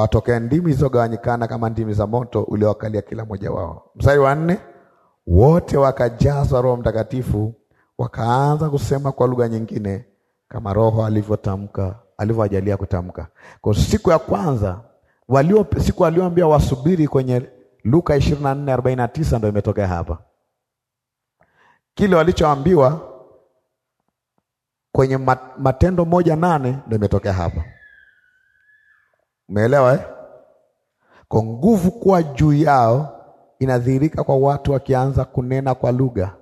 watokea ndimi zilizogawanyikana kama ndimi za moto uliowakalia kila mmoja wao. Mstari wa nne, wote wakajazwa Roho Mtakatifu, wakaanza kusema kwa lugha nyingine kama Roho alivyotamka alivyowajalia kutamka. Kwa siku ya kwanza walio, siku walioambiwa wasubiri kwenye Luka 24:49 ndio imetokea hapa, kile walichoambiwa kwenye Matendo moja nane ndio imetokea hapa. Umeelewa eh? Kwa nguvu kuwa juu yao inadhihirika kwa watu wakianza kunena kwa lugha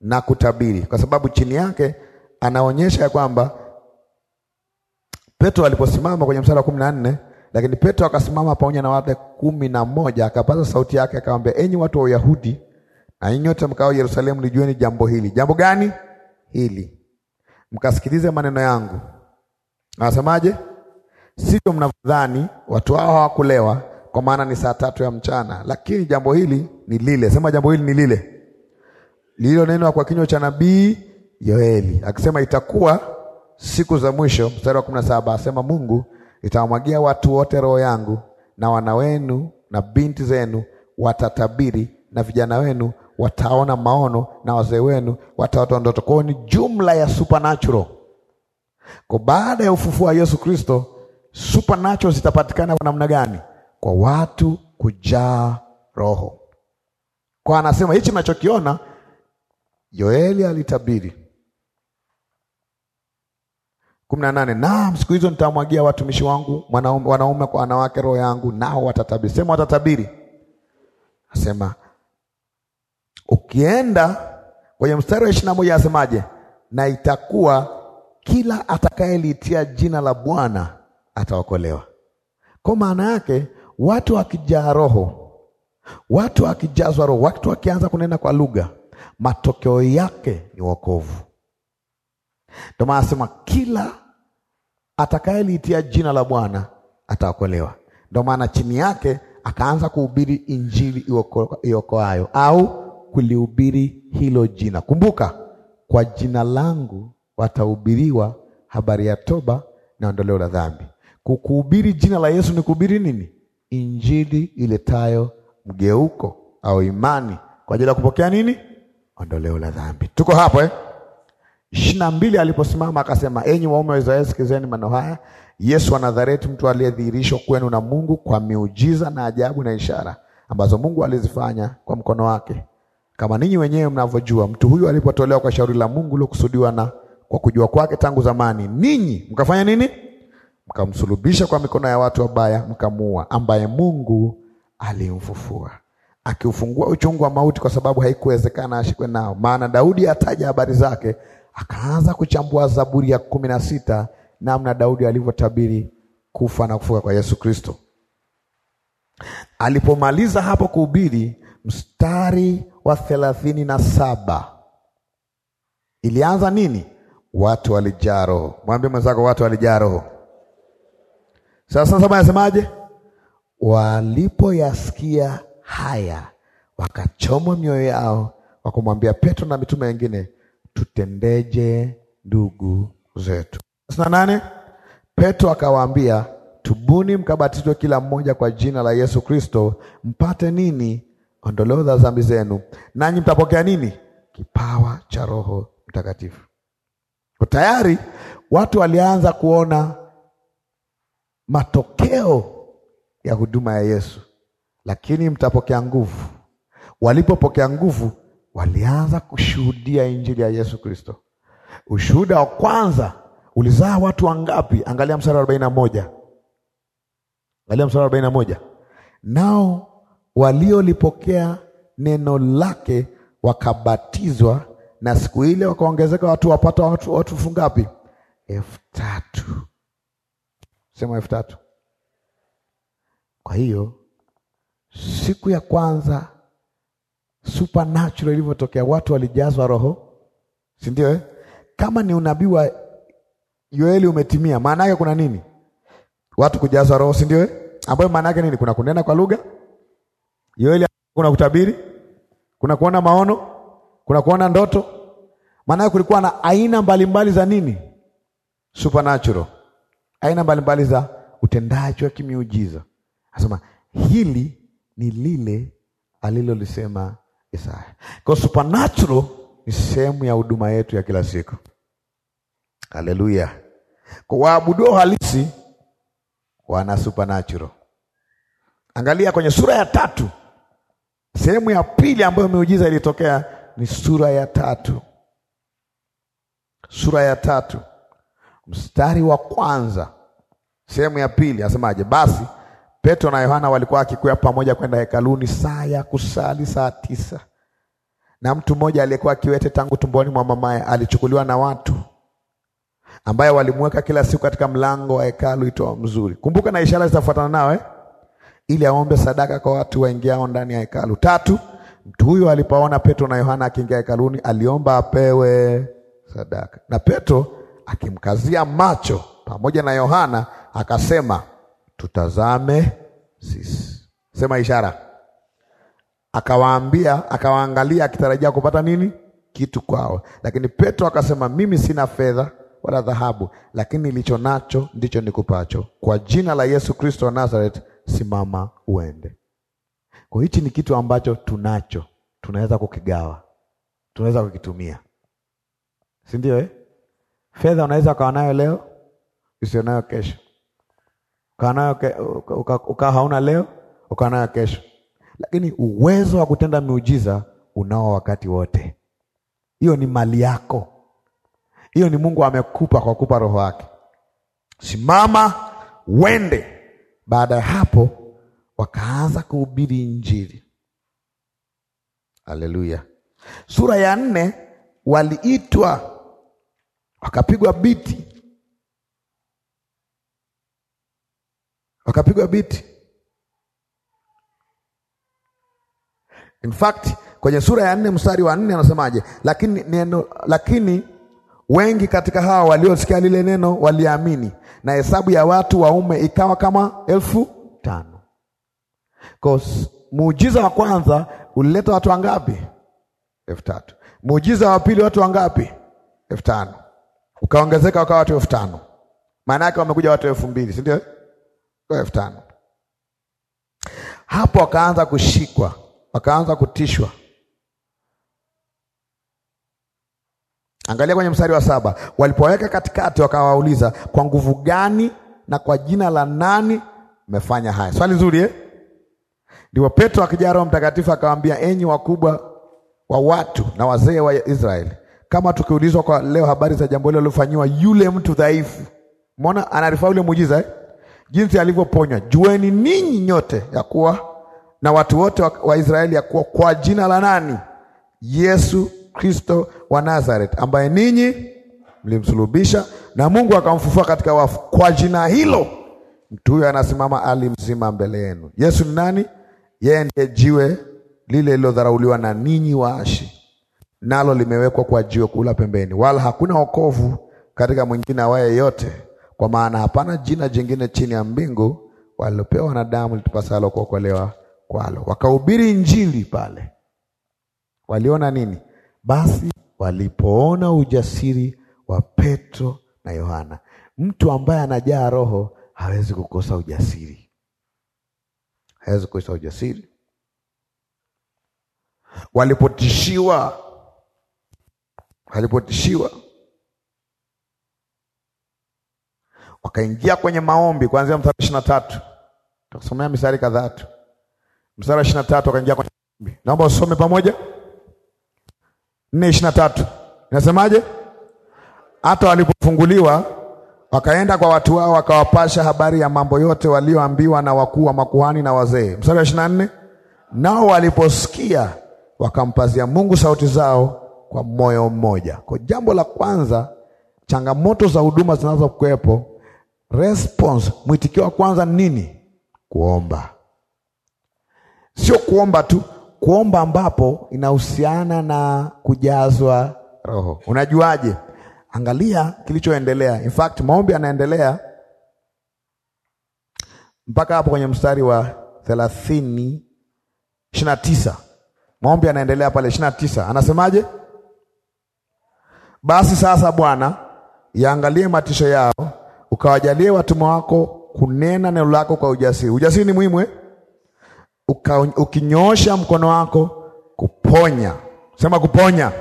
na kutabiri, kwa sababu chini yake anaonyesha ya kwamba Petro aliposimama kwenye mstari wa kumi na nne lakini Petro akasimama pamoja na wale kumi na moja akapaza sauti yake akamwambia, enyi watu wa Uyahudi na ninyi nyote mkao Yerusalemu, lijueni jambo hili. Jambo gani hili? Mkasikilize maneno yangu. Anasemaje? sivyo mnavyodhani, watu hao hawakulewa, kwa maana ni saa tatu ya mchana. Lakini jambo hili ni lile, sema jambo hili ni lile lililonenwa kwa kinywa cha nabii Yoeli akisema, itakuwa siku za mwisho. Mstari wa kumi na saba asema Mungu, itawamwagia watu wote roho yangu, na wana wenu na binti zenu watatabiri, na vijana wenu wataona maono, na wazee wenu wataota ndoto. Kwao ni jumla ya supernatural. Kwa baada ya ufufuo wa Yesu Kristo supernatural zitapatikana kwa namna gani? Kwa watu kujaa Roho. Kwa anasema hichi nachokiona Yoeli alitabiri kumi na nane, naam siku hizo nitamwagia watumishi wangu wanaume, wanaume kwa wanawake roho yangu, nao watatabiri. Sema watatabiri, asema ukienda kwenye mstari wa ishirini na moja asemaje? Na itakuwa kila atakayeliitia jina la Bwana ataokolewa. Kwa maana yake watu wakijaa roho, watu wakijazwa roho, watu wakianza kunena kwa lugha, matokeo yake ni wokovu. Ndio maana asema kila atakayeliitia jina la Bwana ataokolewa. Ndio maana chini yake akaanza kuhubiri injili iokoayo au kulihubiri hilo jina. Kumbuka, kwa jina langu watahubiriwa habari ya toba na ondoleo la dhambi. Kukuhubiri jina la Yesu ni kuhubiri nini? Injili iletayo mgeuko au imani kwa ajili ya kupokea nini? Ondoleo la dhambi. Tuko hapo eh? ishirini na mbili aliposimama akasema, enyi waume wa Israeli, sikizeni maneno haya, Yesu wa Nazareti, mtu aliyedhihirishwa kwenu na Mungu kwa miujiza na ajabu na ishara ambazo Mungu alizifanya kwa mkono wake, kama ninyi wenyewe mnavyojua. Mtu huyu alipotolewa kwa shauri la Mungu lilokusudiwa na kwa kujua kwake tangu zamani, ninyi mkafanya nini? mkamsulubisha kwa mikono ya watu wabaya, mkamuua, ambaye Mungu alimfufua akiufungua uchungu wa mauti, kwa sababu haikuwezekana ashikwe nao. Maana Daudi ataja habari zake, akaanza kuchambua Zaburi ya kumi na sita namna Daudi alivyotabiri kufa na kufuka kwa Yesu Kristo. Alipomaliza hapo kuhubiri, mstari wa thelathini na saba ilianza nini? Watu walijaa roho. Mwambie mwenzako, watu walijaa roho. Sasa saba anasemaje? Walipoyasikia haya wakachomwa mioyo yao, wakamwambia Petro na mitume wengine, tutendeje ndugu zetu? Sina nane. Petro akawaambia, tubuni mkabatizwe kila mmoja kwa jina la Yesu Kristo, mpate nini? Ondoleo za dhambi zenu, nanyi mtapokea nini? Kipawa cha Roho Mtakatifu. Tayari watu walianza kuona matokeo ya huduma ya Yesu, lakini mtapokea nguvu. Walipopokea nguvu, walianza kushuhudia injili ya Yesu Kristo. Ushuhuda wa kwanza ulizaa watu wangapi? Angalia mstari wa arobaini na moja. Angalia mstari wa arobaini na moja. Nao waliolipokea neno lake wakabatizwa, na siku ile wakaongezeka watu wapata watu, watu fungapi? elfu tatu sema elfu tatu. Kwa hiyo siku ya kwanza supernatural ilivyotokea, watu walijazwa Roho, si ndio eh? Kama ni unabii wa Yoeli umetimia, maana yake kuna nini? Watu kujazwa Roho, si ndio eh? Ambayo maana yake nini? Kuna kunena kwa lugha Yoeli, kuna kutabiri, kuna kuona maono, kuna kuona ndoto. Maana yake kulikuwa na aina mbalimbali mbali za nini supernatural aina mbalimbali za utendaji wa kimiujiza. Anasema hili ni lile alilolisema Isaya. Kwa supernatural ni sehemu ya huduma yetu ya kila siku. Haleluya! Kwa waabuduo halisi wana supernatural. Angalia kwenye sura ya tatu, sehemu ya pili ambayo miujiza ilitokea ni sura ya tatu, sura ya tatu mstari wa kwanza sehemu ya pili asemaje? Basi Petro na Yohana walikuwa wakikwea pamoja kwenda hekaluni saa ya kusali saa tisa, na mtu mmoja aliyekuwa akiwete tangu tumboni mwa mamaye alichukuliwa na watu, ambaye walimweka kila siku katika mlango wa hekalu itoa mzuri. Kumbuka na ishara zitafuatana nawe eh? ili aombe sadaka kwa watu waingiao ndani ya hekalu. Tatu, mtu huyo alipoona Petro na Yohana akiingia hekaluni, aliomba apewe sadaka. Na Petro akimkazia macho pamoja na Yohana akasema, tutazame sisi. Sema ishara. Akawaambia, akawaangalia akitarajia kupata nini? Kitu kwao. Lakini Petro akasema, mimi sina fedha wala dhahabu, lakini nilicho nacho ndicho nikupacho. Kwa jina la Yesu Kristo wa Nazareth, simama uende. Kwa hichi ni kitu ambacho tunacho, tunaweza kukigawa, tunaweza kukitumia, si ndio eh? Fedha unaweza ukawa nayo leo usionayo kesho, ukawa ke, uka, hauna leo ukawa nayo kesho, lakini uwezo wa kutenda miujiza unao wakati wote. Hiyo ni mali yako, hiyo ni Mungu amekupa kwa kupa roho yake. Simama wende. Baada ya hapo wakaanza kuhubiri Injili. Haleluya! Sura ya nne waliitwa wakapigwa biti, wakapigwa biti. In fact kwenye sura ya nne mstari wa nne anasemaje? Lakini neno, lakini wengi katika hawa waliosikia lile neno waliamini, na hesabu ya watu waume ikawa kama elfu tano. Cause muujiza wa kwanza ulileta watu wangapi? elfu tatu. Muujiza wa pili watu wangapi? elfu tano ukaongezeka wakawa watu elfu tano maana yake wamekuja watu elfu mbili si ndio? elfu tano hapo wakaanza kushikwa, wakaanza kutishwa. Angalia kwenye mstari wa saba, walipoweka katikati wakawauliza, kwa nguvu gani na kwa jina la nani mmefanya haya? Swali zuri eh? Ndipo Petro akijaa Roho Mtakatifu akawaambia, enyi wakubwa wa watu na wazee wa Israeli, kama tukiulizwa kwa leo habari za jambo hilo lilofanywa yule mtu dhaifu, umeona anarifaa yule muujiza eh? jinsi alivyoponywa. Jueni ninyi nyote ya kuwa na watu wote wa, wa Israeli ya kuwa kwa jina la nani? Yesu Kristo wa Nazareth, ambaye ninyi mlimsulubisha na Mungu akamfufua katika wafu. Kwa jina hilo mtu huyo anasimama ali mzima mbele yenu. Yesu ni nani? Yeye ndiye jiwe lile lilodharauliwa na ninyi waashi nalo limewekwa kwa jiwe kula pembeni, wala hakuna wokovu katika mwingine awaye yote, kwa maana hapana jina jingine chini ya mbingu walilopewa wanadamu litupasalo kuokolewa kwalo. Wakahubiri injili pale, waliona nini? Basi walipoona ujasiri wa Petro na Yohana, mtu ambaye anajaa Roho hawezi kukosa ujasiri, hawezi kukosa ujasiri. Walipotishiwa alipotishiwa wakaingia kwenye maombi kuanzia mstari ishirini na tatu takusomea mistari kadhaa tu. Mstari ishirini na tatu wakaingia kwenye maombi, naomba usome pamoja. nne ishirini na tatu inasemaje? Hata walipofunguliwa wakaenda kwa watu wao wakawapasha habari ya mambo yote walioambiwa na wakuu wa makuhani na wazee. Mstari wa ishirini na nne nao waliposikia wakampazia Mungu sauti zao kwa moyo mmoja. Kwa jambo la kwanza, changamoto za huduma zinazokuwepo, response, mwitikio wa kwanza nini? Kuomba. Sio kuomba tu, kuomba ambapo inahusiana na kujazwa Roho. Unajuaje? Angalia kilichoendelea. In fact, maombi yanaendelea mpaka hapo kwenye mstari wa thelathini ishirini na tisa maombi yanaendelea pale ishirini na tisa anasemaje? Basi sasa Bwana, yaangalie matisho yao, ukawajalie watumwa wako kunena neno lako kwa ujasiri. Ujasiri ni muhimu eh? Ukinyoosha mkono wako kuponya. Sema kuponya,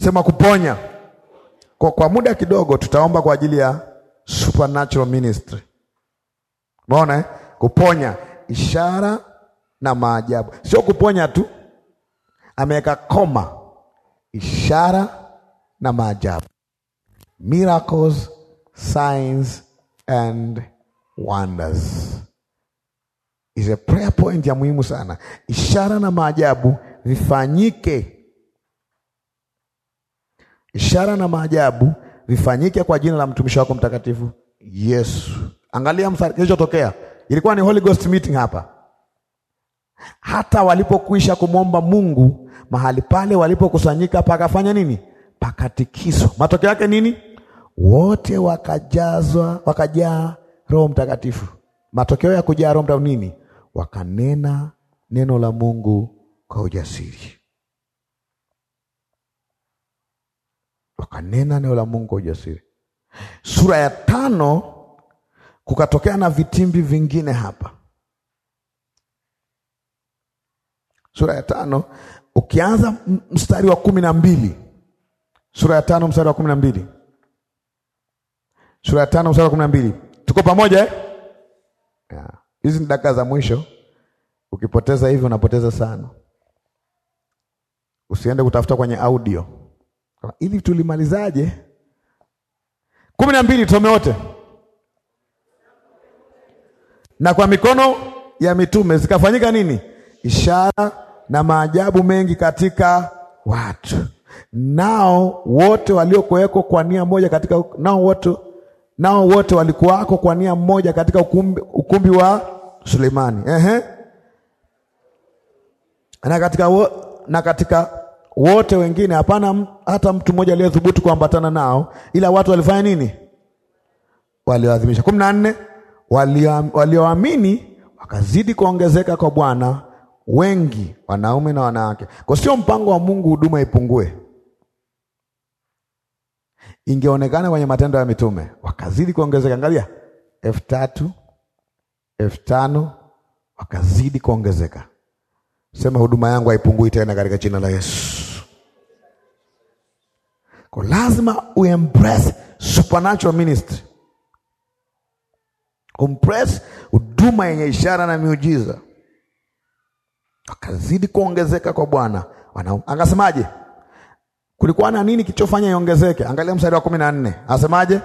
sema kuponya. Kwa, kwa muda kidogo tutaomba kwa ajili ya supernatural ministry. Umeona eh? Kuponya ishara na maajabu, sio kuponya tu, ameweka koma ishara na maajabu, miracles, signs and wonders is a prayer point ya muhimu sana. Ishara na maajabu vifanyike, ishara na maajabu vifanyike kwa jina la mtumishi wako mtakatifu Yesu. Angalia kilichotokea ilikuwa ni Holy Ghost meeting hapa. Hata walipokwisha kumwomba Mungu mahali pale walipokusanyika, pakafanya nini? pakatikiswa. Matokeo yake nini? Wote wakajazwa, wakajaa Roho Mtakatifu. Matokeo ya kujaa Roho Mtakatifu nini? Wakanena neno la Mungu kwa ujasiri, wakanena neno la Mungu kwa ujasiri. Sura ya tano kukatokea na vitimbi vingine hapa. Sura ya tano ukianza mstari wa kumi na mbili sura ya tano mstari wa kumi na mbili sura ya tano mstari wa kumi na mbili Tuko pamoja eh? Hizi ni dakika za mwisho. Ukipoteza hivi unapoteza sana. Usiende kutafuta kwenye audio ili tulimalizaje? kumi na mbili tusome wote. Na kwa mikono ya mitume zikafanyika nini? Ishara na maajabu mengi katika watu nao wote waliokuweko kwa nia moja katika nao wote nao wote walikuwako kwa nia moja katika ukumbi, ukumbi wa Sulemani. Ehe. Na katika, wo, na katika wote wengine hapana hata mtu mmoja aliyethubutu kuambatana nao, ila watu walifanya nini? Walioadhimisha. kumi na nne walioamini wakazidi kuongezeka kwa Bwana wengi, wanaume na wanawake. Kwa sio mpango wa Mungu huduma ipungue, ingeonekana kwenye matendo ya mitume wakazidi kuongezeka. Angalia elfu tatu elfu tano wakazidi kuongezeka. Sema huduma yangu haipungui tena katika jina la Yesu. Kwa lazima uembrace supernatural ministry, umpress huduma yenye ishara na miujiza wakazidi kuongezeka kwa Bwana angasemaje kulikuwa na nini kilichofanya iongezeke? Angalia mstari wa kumi na nne asemaje?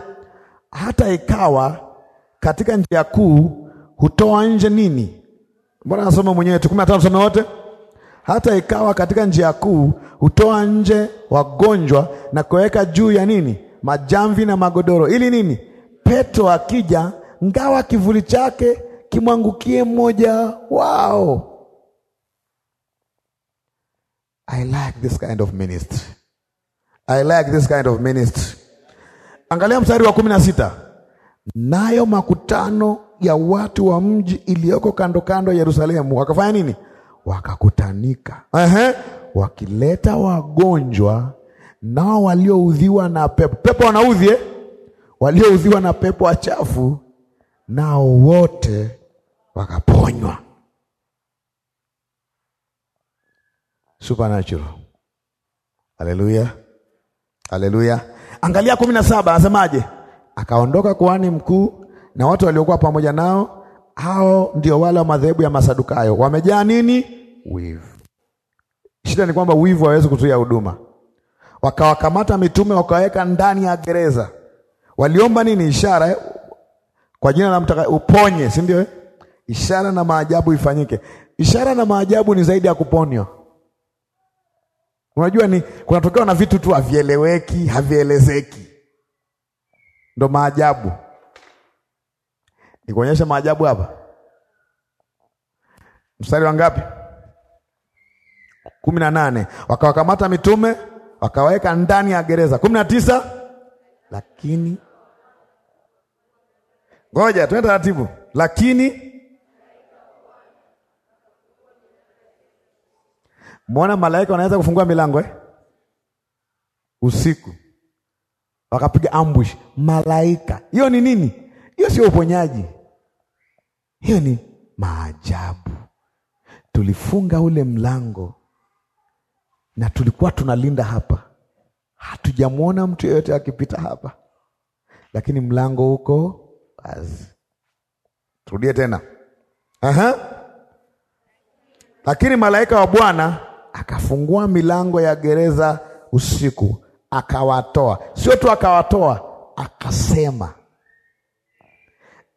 hata ikawa katika njia kuu hutoa nje nini? Mbona nasoma mwenyewe tu kumi na tano tusome wote. Hata ikawa katika njia kuu hutoa nje wagonjwa na kuweka juu ya nini majamvi na magodoro, ili nini? Petro akija, ngawa kivuli chake kimwangukie mmoja wao I like this kind of ministry. I like this kind of ministry. Angalia mstari wa kumi na sita. Nayo makutano ya watu wa mji iliyoko kando kando ya Yerusalemu wakafanya nini? Wakakutanika. Ehe, wakileta wagonjwa nao walioudhiwa na pepo. Pepo wanaudhi eh? Walioudhiwa na pepo wachafu nao wote wakaponywa. supernatural. Haleluya, haleluya. Angalia kumi na saba anasemaje? Akaondoka kuhani mkuu na watu waliokuwa pamoja nao, hao ndio wale wa madhehebu ya Masadukayo, wamejaa nini? Wivu. Shida ni kwamba wivu hawezi kuzuia huduma. Wakawakamata mitume wakaweka ndani ya gereza, waliomba nini? Ishara kwa jina la mtaka uponye, si ndio Ishara na maajabu ifanyike. Ishara na maajabu ni zaidi ya kuponywa. Unajua ni kunatokewa na vitu tu havieleweki, havielezeki, ndo maajabu. Nikuonyesha maajabu hapa, mstari wa ngapi? kumi na nane. Wakawakamata mitume wakawaweka ndani ya gereza. kumi na tisa. Lakini ngoja tuende taratibu, lakini Muona malaika wanaweza kufungua milango eh? Usiku wakapiga ambush malaika. Hiyo ni nini? Hiyo sio uponyaji, hiyo ni maajabu. Tulifunga ule mlango na tulikuwa tunalinda hapa, hatujamwona mtu yeyote akipita hapa, lakini mlango huko wazi. Turudie tena. Aha. Lakini malaika wa Bwana akafungua milango ya gereza usiku, akawatoa. Sio tu akawatoa, akasema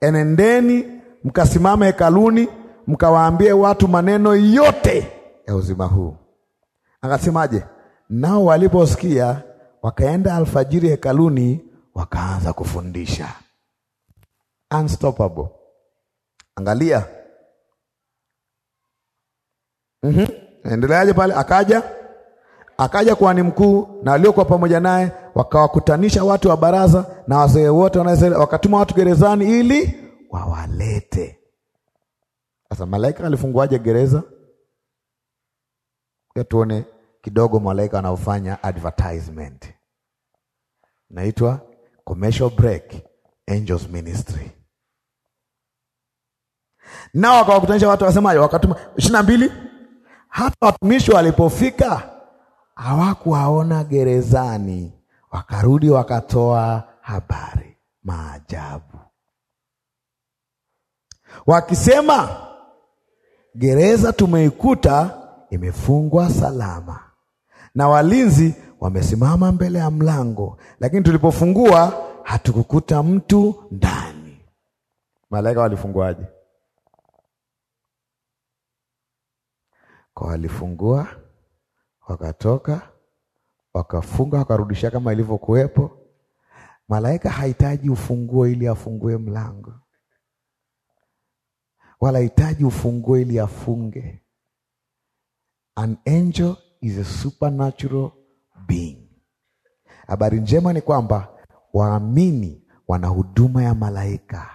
enendeni mkasimame hekaluni mkawaambie watu maneno yote ya uzima huu. Akasemaje? Nao waliposikia wakaenda alfajiri hekaluni, wakaanza kufundisha. Unstoppable. Angalia. mm -hmm. Endeleaje pale? Akaja akaja kuhani mkuu na waliokuwa pamoja naye, wakawakutanisha watu wa baraza na wazee wote wana Israeli, wakatuma watu gerezani ili wawalete. Sasa malaika alifunguaje gereza? Tuone kidogo malaika anaofanya advertisement, naitwa commercial break angels ministry. Nao wakawakutanisha watu wasemaje? Wakatuma ishirini na mbili hata watumishi walipofika hawakuwaona gerezani, wakarudi wakatoa habari. Maajabu, wakisema gereza tumeikuta imefungwa salama na walinzi wamesimama mbele ya mlango, lakini tulipofungua hatukukuta mtu ndani. Malaika walifunguaje? kwa walifungua wakatoka wakafunga wakarudisha kama ilivyokuwepo. Malaika hahitaji ufunguo ili afungue mlango, wala hahitaji ufunguo ili afunge. An angel is a supernatural being. Habari njema ni kwamba waamini wana huduma ya malaika,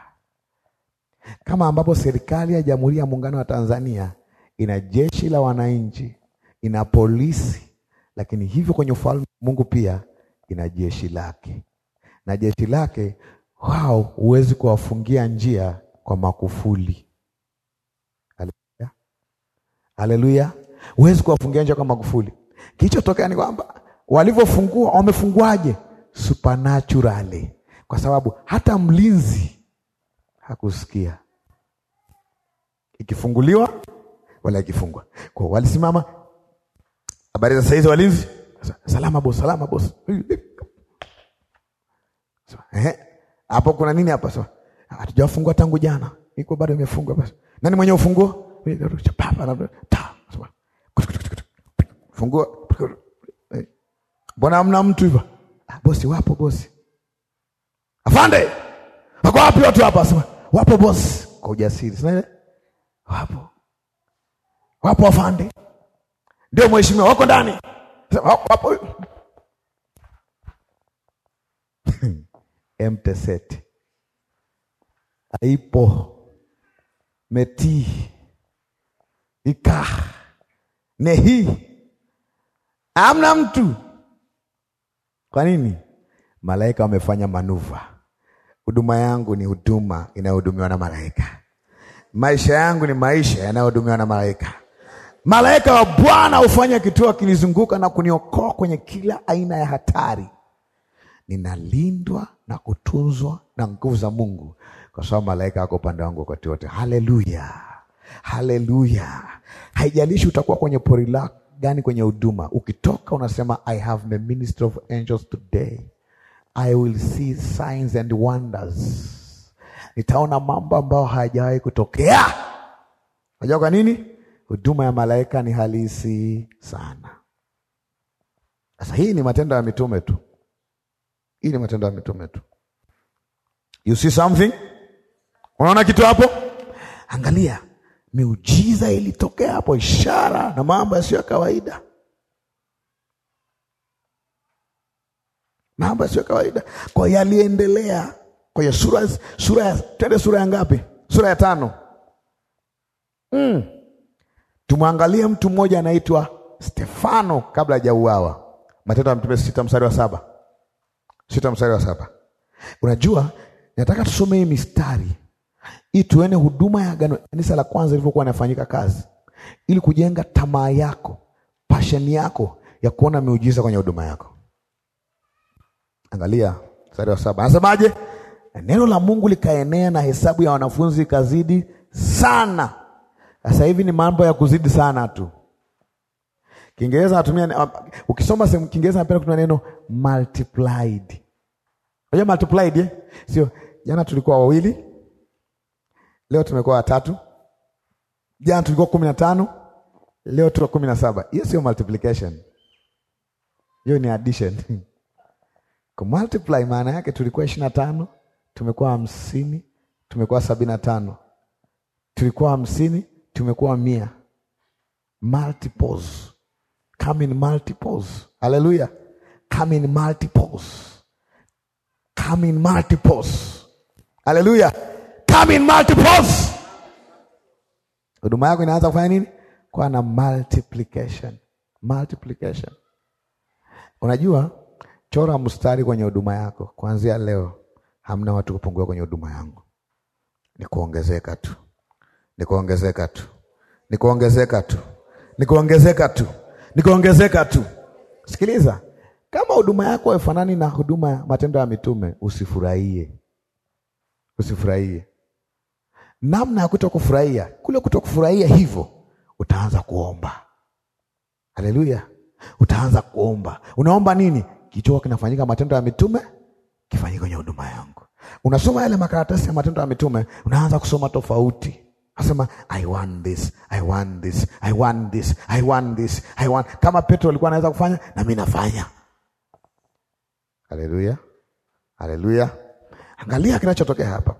kama ambapo serikali ya Jamhuri ya Muungano wa Tanzania ina jeshi la wananchi, ina polisi, lakini hivyo kwenye ufalme Mungu pia ina jeshi lake, na jeshi lake wao huwezi kuwafungia njia kwa makufuli. Haleluya, haleluya! Huwezi kuwafungia njia kwa makufuli. Kilichotokea ni kwamba walivyofungua, wamefunguaje? Supernaturally, kwa sababu hata mlinzi hakusikia ikifunguliwa wala ikifungwa. Kwa walisimama, habari za saizi walinzi, salama boss, salama boss. Eh, hapo kuna nini hapa sasa? Hatujafungwa tangu jana, iko bado imefungwa basi. Nani mwenye ufunguo? Funguo. Mbona hamna mtu hivyo? Ah, bosi wapo, bosi. Afande, wako wapi watu hapa? Sema wapo bosi, kwa ujasiri. Sina ile wapo Wapo afande, ndio mheshimiwa, wako ndani, wapo mteseti aipo meti ika nehi amna mtu. Kwa nini? Malaika wamefanya manuva. Huduma yangu ni huduma inayohudumiwa na malaika. Maisha yangu ni maisha yanayohudumiwa na malaika. Malaika wa Bwana hufanya kituo kinizunguka na kuniokoa kwenye kila aina ya hatari. Ninalindwa na kutunzwa na nguvu za Mungu, kwa sababu malaika wako upande wangu wakati wote. Haleluya, haleluya! Haijalishi utakuwa kwenye pori la gani, kwenye huduma, ukitoka unasema I have the ministry of angels today, I will see signs and wonders. Nitaona mambo ambayo hayajawahi kutokea. Unajua kwa nini? huduma ya malaika ni halisi sana. Sasa hii ni matendo ya mitume tu, hii ni matendo ya mitume tu. You see something? Unaona kitu hapo? Angalia, miujiza ilitokea hapo, ishara na mambo yasiyo ya kawaida, mambo yasiyo ya kawaida kwa yaliendelea. kwenye hiyo sura, sura, twende sura ya ngapi? Sura ya tano. Mm. Tumwangalie mtu mmoja anaitwa Stefano kabla hajauawa. Matendo ya Mtume sita mstari wa saba sita mstari wa saba. Unajua, nataka tusome hii mistari ili tuone huduma ya agano kanisa la kwanza ilivyokuwa inafanyika kazi, ili kujenga tamaa yako, pasheni yako ya kuona miujiza kwenye huduma yako. Angalia mstari wa saba, anasemaje? Neno la Mungu likaenea na hesabu ya wanafunzi ikazidi sana sasa hivi ni mambo ya kuzidi sana tu. Kiingereza natumia, uh, ukisoma sehemu Kiingereza napenda kutumia neno multiplied. Unajua multiplied eh? Sio jana tulikuwa wawili, leo tumekuwa watatu, jana tulikuwa kumi na tano, leo tuko kumi na saba. Hiyo sio multiplication, hiyo ni addition. multiply maana yake tulikuwa ishirini na tano tumekuwa hamsini tumekuwa sabini na tano tulikuwa hamsini tumekuwa mia multiples. Come in multiples. Haleluya, come in multiples, come in multiples. Haleluya, come in multiples. Huduma yako inaanza kufanya nini? Kwa na multiplication, multiplication. Unajua, chora mstari kwenye huduma yako kuanzia leo, hamna watu kupungua kwenye huduma yangu, ni kuongezeka tu ni kuongezeka tu, ni kuongezeka tu, ni kuongezeka tu, ni kuongezeka tu. Sikiliza, kama huduma yako haifanani na huduma ya matendo ya mitume, usifurahie, usifurahie namna ya kuto kufurahia kule, kuto kufurahia hivyo, utaanza kuomba. Haleluya, utaanza kuomba. Unaomba nini? Kichoko kinafanyika matendo ya mitume kifanyike kwenye huduma yangu. Unasoma yale makaratasi ya matendo ya mitume, unaanza kusoma tofauti Asema I want this, I want this, I want this, I want this, I want. Kama Petro alikuwa anaweza kufanya, na mimi nafanya. Haleluya, haleluya! Angalia kinachotokea hapa.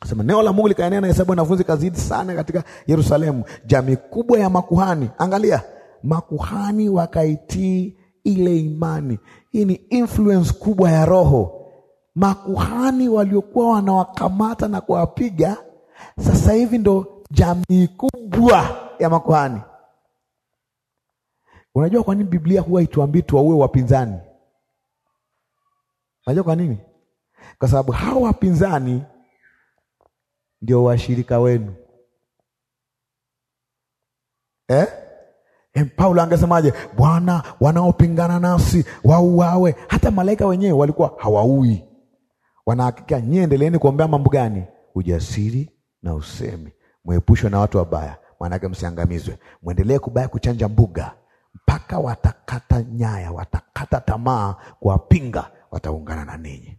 Asema neno la Mungu likaenea na hesabu wanafunzi kazidi sana katika Yerusalemu, jamii kubwa ya makuhani. Angalia, makuhani wakaitii ile imani. Hii ni influence kubwa ya Roho. Makuhani waliokuwa wanawakamata na kuwapiga sasa hivi ndo jamii kubwa ya makuhani. Unajua kwa nini Biblia huwa ituambii tuwaue wapinzani? Unajua kwa nini? Kwa sababu hao wapinzani ndio washirika wenu eh? Paulo angesemaje? Bwana, wanaopingana nasi wauawe. Hata malaika wenyewe walikuwa hawaui, wanahakika. Nyie endeleeni kuombea mambo gani? Ujasiri na usemi, mwepushwe na watu wabaya, maanake msiangamizwe. Mwendelee kubaya kuchanja mbuga mpaka watakata nyaya, watakata tamaa kuwapinga, wataungana na ninyi.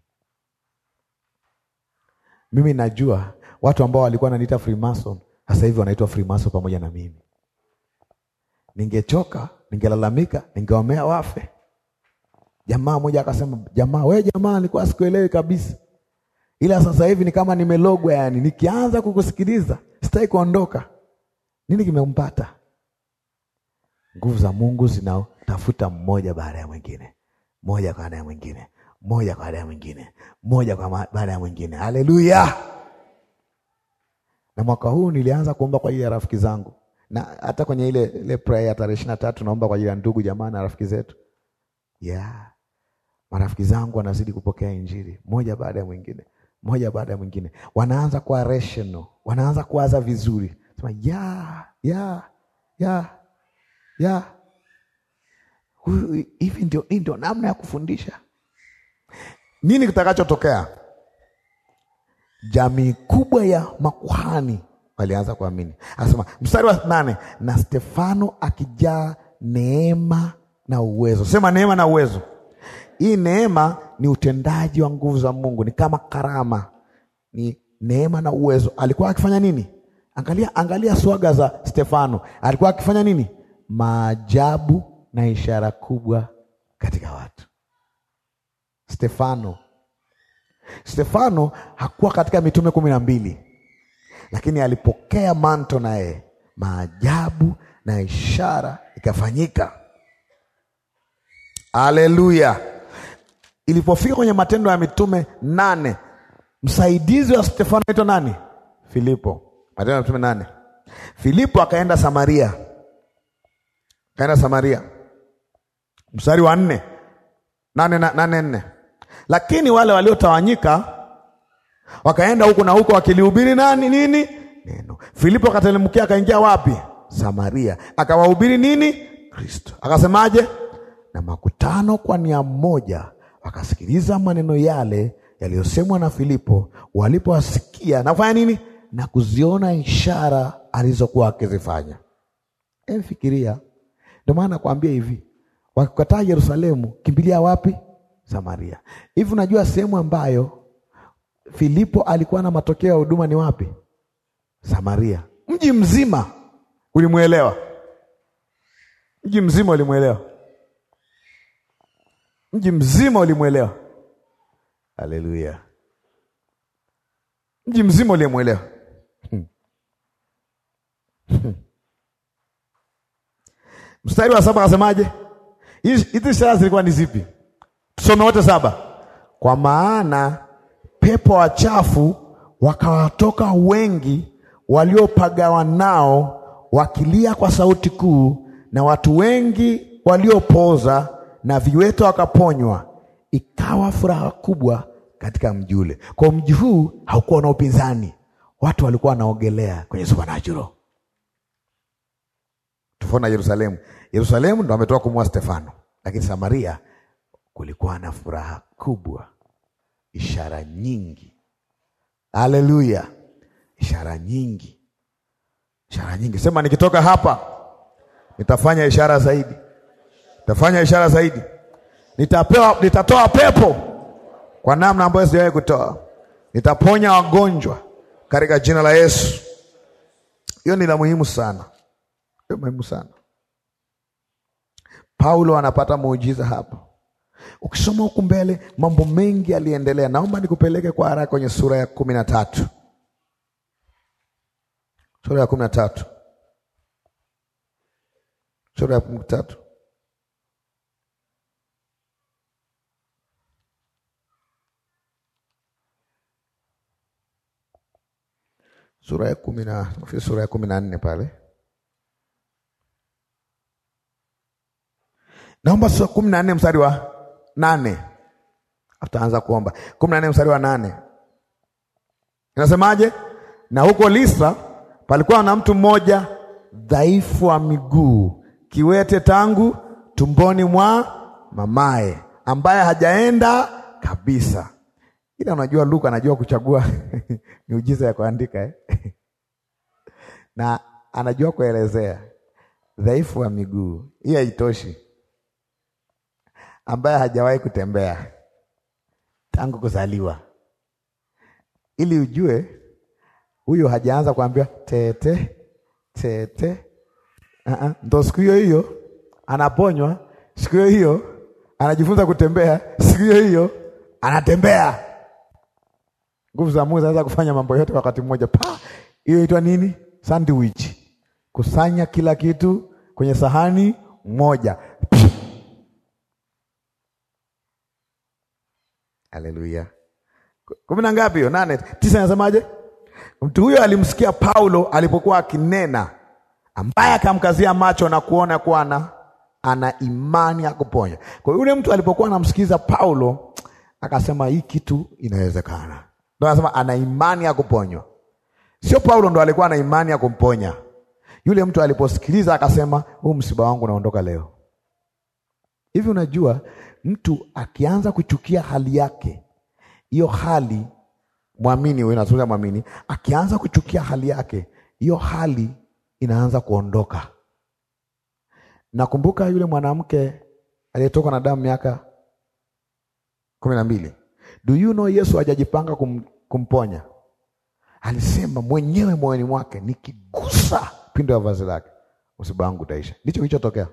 Mimi najua watu ambao walikuwa wananiita Freemason sasa hivi wanaitwa Freemason pamoja na mimi. Ningechoka, ningelalamika, ningewamea wafe. Jamaa moja akasema, jamaa we jamaa, nilikuwa sikuelewi kabisa ila sasa hivi ni kama nimelogwa, yani nikianza kukusikiliza sitaki kuondoka. Nini kimempata? Nguvu za Mungu zinatafuta mmoja baada ya mwingine, mmoja baada ya mwingine, mmoja baada ya mwingine, mmoja baada ya mwingine. Haleluya! Na mwaka huu nilianza kuomba kwa ajili ya rafiki zangu, na hata kwenye ile ile prayer ya tarehe ishirini na tatu naomba kwa ajili ya ndugu jamaa na rafiki zetu yeah. Marafiki zangu wanazidi kupokea Injili moja baada ya mwingine moja baada ya mwingine, wanaanza kuwa rational, wanaanza kuwaza vizuri, sema ya ya ya ya, hivi ndio ndio namna ya kufundisha. Nini kitakachotokea? Jamii kubwa ya makuhani walianza kuamini. Anasema mstari wa nane, na Stefano akijaa neema na uwezo. Sema neema na uwezo. Hii neema ni utendaji wa nguvu za Mungu, ni kama karama, ni neema na uwezo. Alikuwa akifanya nini? Angalia, angalia swaga za Stefano. Alikuwa akifanya nini? Maajabu na ishara kubwa katika watu. Stefano, Stefano hakuwa katika mitume kumi na mbili, lakini alipokea manto naye, maajabu na ishara ikafanyika. Aleluya! Ilipofika kwenye Matendo ya Mitume nane, msaidizi wa Stefano aitwa nani? Filipo. Matendo ya Mitume nane, Filipo akaenda Samaria, akaenda Samaria, mstari wa nne nane, na, nane nne. Lakini wale waliotawanyika wakaenda huku na huko wakilihubiri nani nini neno. Filipo akatelemkia akaingia wapi? Samaria, akawahubiri nini? Kristo. Akasemaje? na makutano kwa nia moja wakasikiliza maneno yale yaliyosemwa na Filipo. Walipowasikia nafanya nini? Na kuziona ishara alizokuwa akizifanya. Emfikiria, ndio maana nakwambia hivi, wakikataa Yerusalemu, kimbilia wapi? Samaria. Hivi unajua sehemu ambayo Filipo alikuwa na matokeo ya huduma ni wapi? Samaria. Mji mzima ulimwelewa, mji mzima ulimwelewa. Mji mzima ulimwelewa. Haleluya! Mji mzima ulimwelewa. Hmm. Hmm. Mstari wa saba akasemaje? Hizi ishara zilikuwa ni zipi? Tusome wote saba. Kwa maana pepo wachafu wakawatoka wengi waliopagawa nao wakilia kwa sauti kuu, na watu wengi waliopooza na viwete wakaponywa, ikawa furaha kubwa katika mji ule. Kwa mji huu haukuwa na upinzani, watu walikuwa wanaogelea kwenye supernatural. Tofauti na Yerusalemu. Yerusalemu ndo ametoka kumua Stefano, lakini Samaria kulikuwa na furaha kubwa, ishara nyingi. Haleluya, ishara nyingi, ishara nyingi. Sema, nikitoka hapa nitafanya ishara zaidi. Tafanya ishara zaidi, nitapewa, nitatoa pepo kwa namna ambayo sijawahi kutoa, nitaponya wagonjwa katika jina la Yesu. Hiyo ni la muhimu sana, hiyo muhimu sana. Paulo anapata muujiza hapa. Ukisoma huku mbele, mambo mengi yaliendelea. Naomba nikupeleke kwa haraka kwenye sura ya kumi na tatu sura ya kumi na tatu sura ya kumi na tatu sura ya kumi na sura ya kumi na nne pale naomba sura kumi na nne mstari wa nane ataanza kuomba kumi na nne mstari wa nane inasemaje? Na huko Lisa palikuwa na mtu mmoja dhaifu wa miguu, kiwete tangu tumboni mwa mamaye, ambaye hajaenda kabisa Ila unajua Luka anajua kuchagua miujiza ya kuandika eh? na anajua kuelezea dhaifu wa miguu, hiyo haitoshi, ambaye hajawahi kutembea tangu kuzaliwa, ili ujue huyo hajaanza kuambia tete tete uh -uh. Ndo siku hiyo hiyo anaponywa, siku hiyo hiyo anajifunza kutembea, siku hiyo hiyo anatembea. Nguvu za Mungu zinaweza kufanya mambo yote wakati mmoja. Pa, hiyo inaitwa nini? Sandwich. Kusanya kila kitu kwenye sahani moja. Haleluya. Kumi na ngapi hiyo? Nane. Tisa inasemaje? Mtu huyo alimsikia Paulo alipokuwa akinena, ambaye akamkazia macho na kuona kuwa ana ana imani ya kuponya. Kwa hiyo yule mtu alipokuwa anamsikiza Paulo akasema, hii kitu inawezekana. Ndio anasema ana imani ya kuponywa. Sio Paulo ndo alikuwa ana imani ya kumponya yule mtu. Aliposikiliza akasema, huu msiba wangu unaondoka leo hivi. Unajua, mtu akianza kuchukia hali yake, hiyo hali mwamini wewe, nazungumza mwamini, akianza kuchukia hali yake, hiyo hali inaanza kuondoka. Nakumbuka yule mwanamke aliyetoka na damu miaka kumi na mbili Do you know Yesu hajajipanga kum, kumponya. Alisema mwenyewe moyoni mwake, nikigusa pindo ya vazi lake msiba wangu utaisha. Ndicho kilichotokea.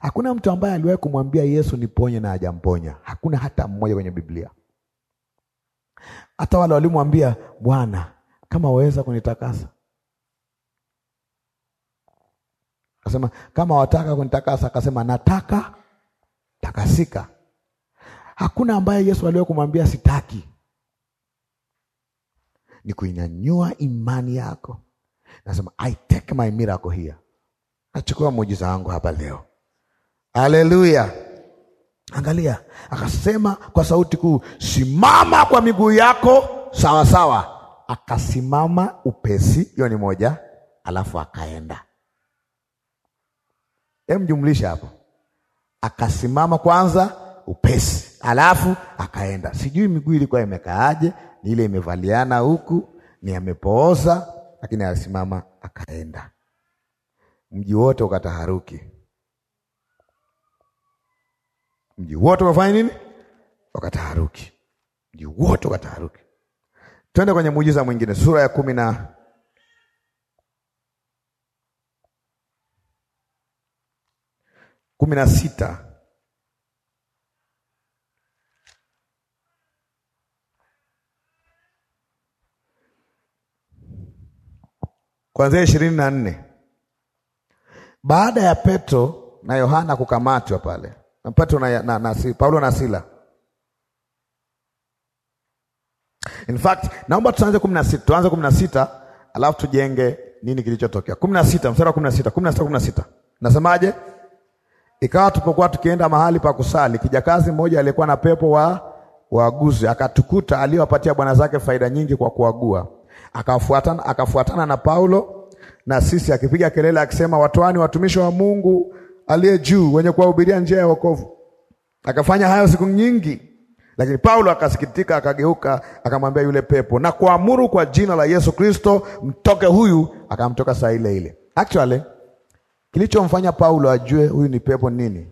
Hakuna mtu ambaye aliwahi kumwambia Yesu niponye na hajamponya. Hakuna hata mmoja kwenye Biblia. Hata wale walimwambia Bwana, kama waweza kunitakasa Akasema kama wataka kunitakasa, akasema nataka takasika. Hakuna ambaye Yesu aliwe kumwambia sitaki. Ni kuinyanyua imani yako, nasema I take my miracle here, nachukua muujiza wangu hapa leo. Haleluya! Angalia, akasema kwa sauti kuu, simama kwa miguu yako sawasawa sawa. Akasimama upesi, hiyo ni moja, alafu akaenda. Hem, jumlisha hapo, akasimama kwanza upesi, alafu akaenda. Sijui miguu ilikuwa imekaaje, ni ile imevaliana huku, ni amepooza, lakini alisimama akaenda. Mji wote ukataharuki, mji wote ukafanya nini? Ukataharuki, mji wote ukataharuki. Twende kwenye muujiza mwingine, sura ya kumi na kumi na sita kuanzia ishirini na nne baada ya Petro na Yohana kukamatwa pale na Petro na, na, na, Paulo na Sila. In fact, naomba tuanze kumi na sita tuanze kumi na sita alafu tujenge nini kilichotokea. kumi na sita mstari wa kumi na sita kumi na sita kumi na sita nasemaje? Ikawa tupokuwa tukienda mahali pa kusali, kijakazi mmoja aliyekuwa na pepo wa waguzi akatukuta, aliyowapatia bwana zake faida nyingi kwa kuagua Akafuatana, akafuatana na Paulo na sisi, akipiga kelele akisema, watoani watumishi wa Mungu aliye juu, wenye kuwahubiria njia ya wokovu. Akafanya hayo siku nyingi, lakini Paulo akasikitika, akageuka, akamwambia yule pepo, na kuamuru kwa jina la Yesu Kristo, mtoke huyu. Akamtoka saa ile ile. Actually kilichomfanya Paulo ajue huyu ni pepo nini,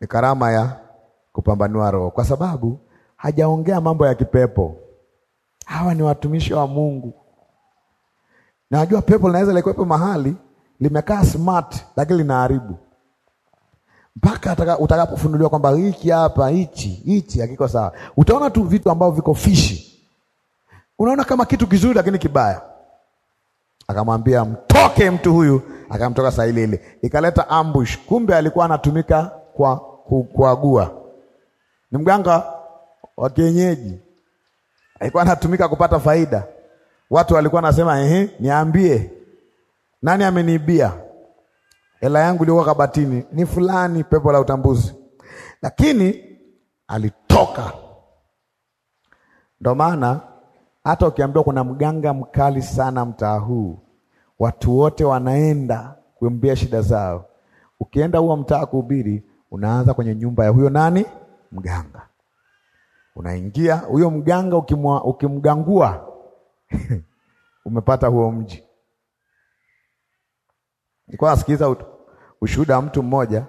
ni karama ya kupambanua roho, kwa sababu hajaongea mambo ya kipepo. Hawa ni watumishi wa Mungu. Na najua pepo linaweza likuwepo mahali limekaa smart, lakini linaharibu mpaka utakapofunuliwa kwamba hiki hapa hichi hichi hakiko sawa. Utaona tu vitu ambavyo viko fishi, unaona kama kitu kizuri lakini kibaya. Akamwambia mtoke mtu huyu, akamtoka saa ile ile, ikaleta ambush. Kumbe alikuwa anatumika kwa kuagua, ni mganga wa kienyeji. Alikuwa anatumika kupata faida. Watu walikuwa nasema ehe, niambie nani ameniibia hela yangu iliyokuwa kabatini? Ni fulani, pepo la utambuzi. Lakini alitoka. Ndo maana hata ukiambiwa kuna mganga mkali sana mtaa huu, watu wote wanaenda kuambia shida zao. Ukienda huo mtaa kuhubiri, unaanza kwenye nyumba ya huyo nani mganga unaingia huyo mganga ukimwa, ukimgangua umepata huo mji. Nilikuwa nasikiza ushuhuda wa mtu mmoja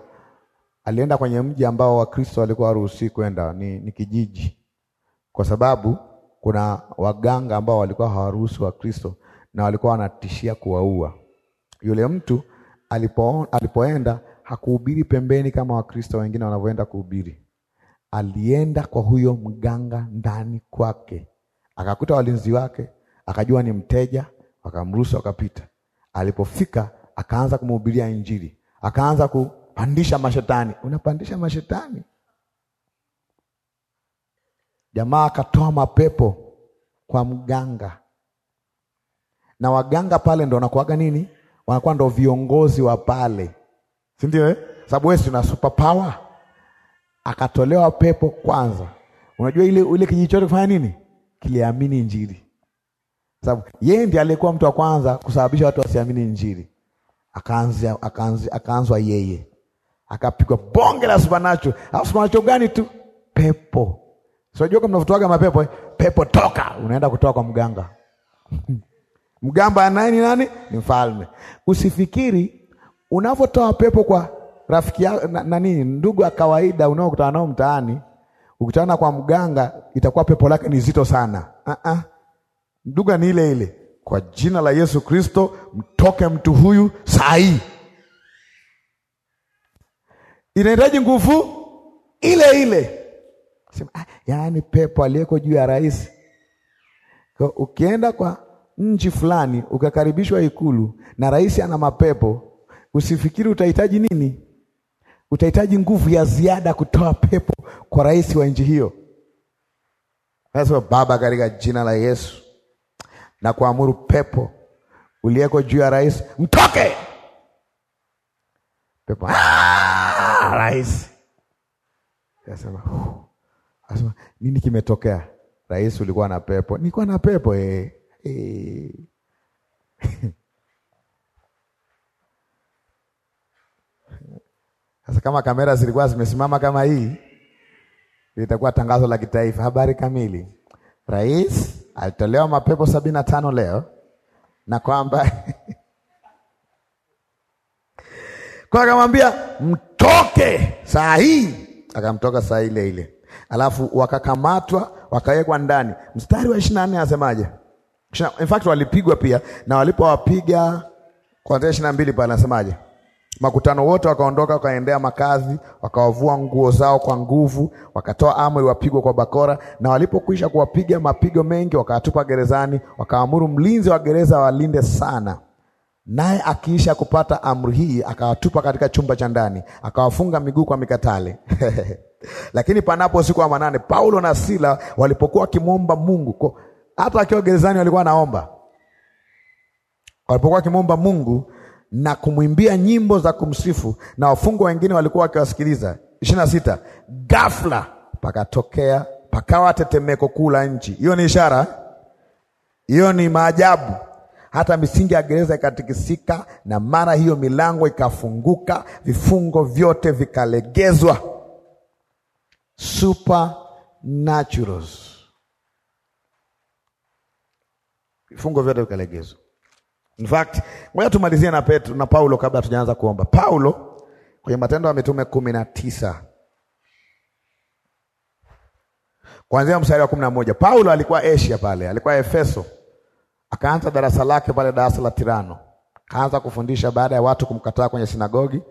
alienda kwenye mji ambao Wakristo walikuwa waruhusi kwenda, ni, ni kijiji, kwa sababu kuna waganga ambao walikuwa hawaruhusu Wakristo na walikuwa wanatishia kuwaua. Yule mtu alipo, alipoenda hakuhubiri pembeni kama Wakristo wengine wanavyoenda kuhubiri alienda kwa huyo mganga ndani kwake, akakuta walinzi wake, akajua ni mteja, wakamruhusu akapita. Alipofika akaanza kumhubiria Injili, akaanza kupandisha mashetani. Unapandisha mashetani? Jamaa akatoa mapepo kwa mganga, na waganga pale ndo wanakuaga nini, wanakuwa ndo viongozi wa pale, si ndio eh? Sababu wewe una super power akatolewa pepo kwanza. Unajua ile ile kijiji chote kufanya nini? Kiliamini Injili, sababu yeye ndiye aliyekuwa mtu wa kwanza kusababisha watu wasiamini Injili. Akaanza akaanza akaanzwa yeye, akapigwa bonge la supanacho. Alafu supanacho gani tu? Pepo. Sio Unajua kama mnavutwaga mapepo, eh? pepo toka, unaenda kutoa kwa mganga mganga anaye ni nani? Ni mfalme. Usifikiri unavotoa pepo kwa rafiki ya, na, nani ndugu wa kawaida unaokutana nao mtaani, ukutana kwa mganga itakuwa pepo lake ni zito sana. uh -uh. Ndugu ni ile ile, kwa jina la Yesu Kristo mtoke mtu huyu saa hii. Inahitaji nguvu ile ile. Sema, ah, yaani pepo aliyeko juu ya rais. Kwa ukienda kwa nchi fulani ukakaribishwa Ikulu na rais ana mapepo, usifikiri utahitaji nini utahitaji nguvu ya ziada kutoa pepo kwa rais wa nchi hiyo. Sasa Baba, katika jina la Yesu na kuamuru pepo uliyeko juu ya rais mtoke. Pepo Aaah! rais asema, asema nini kimetokea? Rais ulikuwa na pepo? Nilikuwa na pepo eh. Eh. Sasa kama kamera zilikuwa zimesimama kama hii, litakuwa tangazo la kitaifa, habari kamili. Rais alitolewa mapepo sabini na tano leo na kwamba kwa akamwambia mtoke saa hii, akamtoka saa ile ile, alafu wakakamatwa wakawekwa ndani. Mstari wa ishirini na nne anasemaje? In fact walipigwa pia, na walipowapiga kuanzia ishirini na mbili pale anasemaje? Makutano wote wakaondoka wakaendea makazi, wakawavua nguo zao kwa nguvu, wakatoa amri wapigwe kwa bakora, na walipokwisha kuwapiga mapigo mengi, wakawatupa gerezani, wakaamuru mlinzi wa gereza walinde sana. Naye akiisha kupata amri hii, akawatupa katika chumba cha ndani, akawafunga miguu kwa mikatale lakini panapo siku ya manane, Paulo na Sila walipokuwa wakimwomba Mungu, hata akiwa gerezani walikuwa naomba, walipokuwa wakimwomba Mungu na kumwimbia nyimbo za kumsifu na wafungwa wengine walikuwa wakiwasikiliza. ishirini na sita ghafla pakatokea pakawa tetemeko kuu la nchi. Hiyo ni ishara, hiyo ni maajabu. Hata misingi ya gereza ikatikisika, na mara hiyo milango ikafunguka, vifungo vyote vikalegezwa. Supernaturals, vifungo vyote vikalegezwa. In fact, ngoja tumalizie na Petro na Paulo kabla tujaanza kuomba. Paulo kwenye Matendo ya Mitume kumi na tisa kuanzia mstari wa kumi na moja. Paulo alikuwa Asia pale, alikuwa Efeso, akaanza darasa lake pale, darasa la Tirano, akaanza kufundisha baada ya watu kumkataa kwenye sinagogi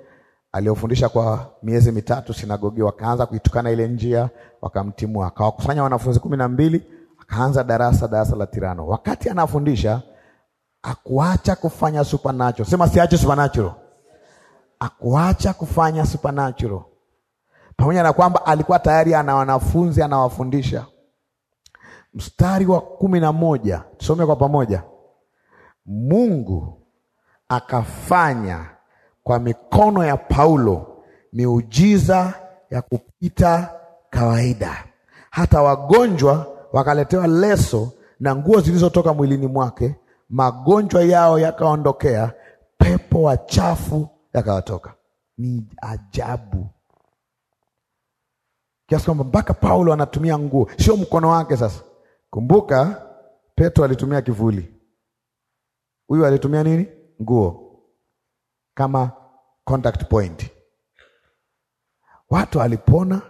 aliofundisha kwa miezi mitatu sinagogi, wakaanza kuitukana ile njia, wakamtimua. Akawakusanya wanafunzi kumi na mbili, akaanza darasa darasa la Tirano. Wakati anafundisha akuacha kufanya supernatural. Sema siache supernatural, akuacha kufanya supernatural, pamoja na kwamba alikuwa tayari ana wanafunzi anawafundisha. Mstari wa kumi na moja tusome kwa pamoja. Mungu akafanya kwa mikono ya Paulo miujiza ya kupita kawaida, hata wagonjwa wakaletewa leso na nguo zilizotoka mwilini mwake magonjwa yao yakaondokea, pepo wachafu yakawatoka. Ni ajabu kiasi kwamba mpaka Paulo anatumia nguo, sio mkono wake. Sasa kumbuka, Petro alitumia kivuli, huyu alitumia nini? Nguo kama contact point. Watu walipona,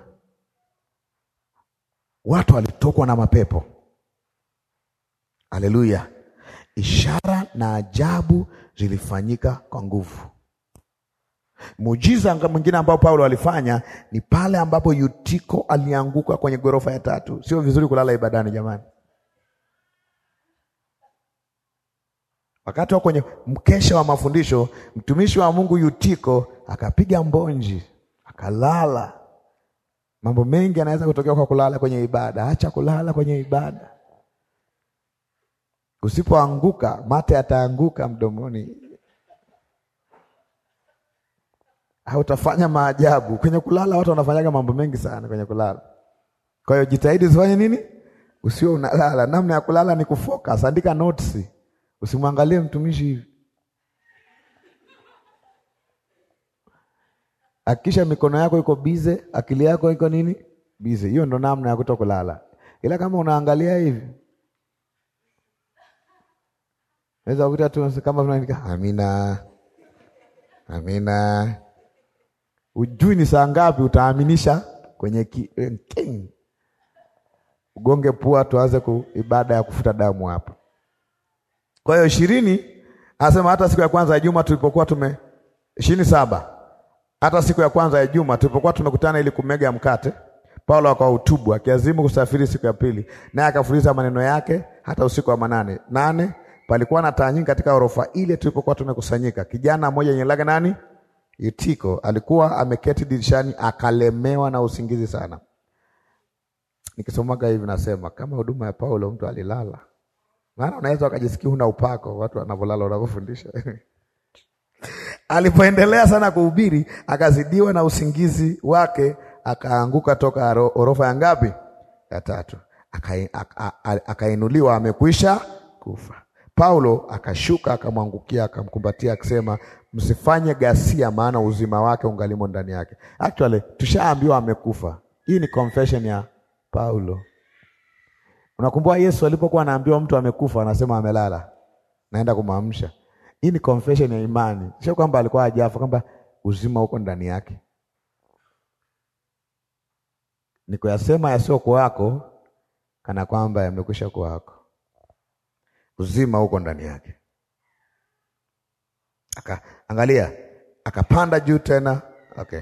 watu walitokwa na mapepo. Haleluya! Ishara na ajabu zilifanyika kwa nguvu. Muujiza mwingine ambao Paulo alifanya ni pale ambapo Yutiko alianguka kwenye ghorofa ya tatu. Sio vizuri kulala ibadani jamani. Wakati wa kwenye mkesha wa mafundisho, mtumishi wa Mungu Yutiko akapiga mbonji, akalala. Mambo mengi yanaweza kutokea kwa kulala kwenye ibada. Acha kulala kwenye ibada. Usipoanguka mate ataanguka mdomoni, hautafanya maajabu kwenye kulala. Watu wanafanyaga mambo mengi sana kwenye kulala. Kwa hiyo jitahidi zifanye nini, usio unalala. Namna ya kulala ni kufocus, andika notes, usimwangalie mtumishi hivi. Hakikisha mikono yako iko bize, akili yako iko nini bize. Hiyo ndo namna ya kutokulala, ila kama unaangalia hivi Naweza kukuta tu kama tunaandika amina amina, ujui ni saa ngapi utaaminisha kwenye ki, eh, king. Ugonge pua tuanze ku ibada ya kufuta damu hapa. Kwa hiyo ishirini anasema hata siku ya kwanza ya juma tulipokuwa tume ishirini saba hata siku ya kwanza ya juma tulipokuwa tumekutana ili kumega mkate, Paulo akahutubu akiazimu kusafiri siku ya pili, naye akafuliza maneno yake hata usiku wa manane nane Palikuwa na taa nyingi katika orofa ile tulipokuwa tumekusanyika. Kijana mmoja yenye laga nani? Yutiko alikuwa ameketi dirishani akalemewa na usingizi sana. Nikisomaga hivi nasema kama huduma ya Paulo mtu alilala. Maana unaweza ukajisikia una upako watu wanavyolala wanakufundisha. Alipoendelea sana kuhubiri akazidiwa na usingizi wake akaanguka toka orofa ya ngapi? Ya tatu. Akainuliwa amekwisha kufa. Paulo akashuka akamwangukia akamkumbatia akisema, msifanye ghasia, maana uzima wake ungalimo ndani yake. Actually tushaambiwa amekufa. Hii ni confession ya Paulo. Unakumbuka Yesu alipokuwa anaambiwa mtu amekufa, anasema amelala, naenda kumwamsha. Hii ni confession ya imani, sio kwamba alikuwa hajafa, kwamba uzima uko ndani yake. Nikuyasema kwako, kana kwamba yamekwisha kwako uzima huko ndani yake. Aka, angalia akapanda juu tena okay.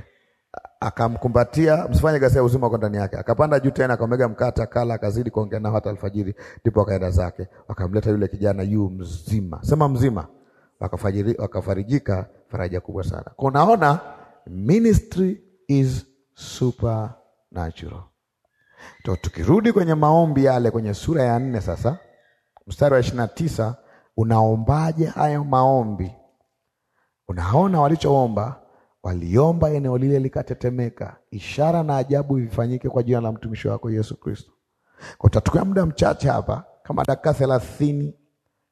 Akamkumbatia, msifanye ghasia uzima uko ndani yake. Akapanda juu tena, akamega mkate, akala, akazidi kuongea nao hata alfajiri, ndipo akaenda zake. Wakamleta yule kijana yu mzima, sema mzima, wakafarijika faraja kubwa sana. Kunaona ministry is supernatural. Tukirudi kwenye maombi yale kwenye sura ya nne sasa mstari wa ishirini na tisa unaombaje hayo maombi? Unaona walichoomba, waliomba eneo lile likatetemeka, ishara na ajabu vifanyike kwa jina la mtumishi wako Yesu Kristo. Kwa tutatukua muda mchache hapa, kama dakika thelathini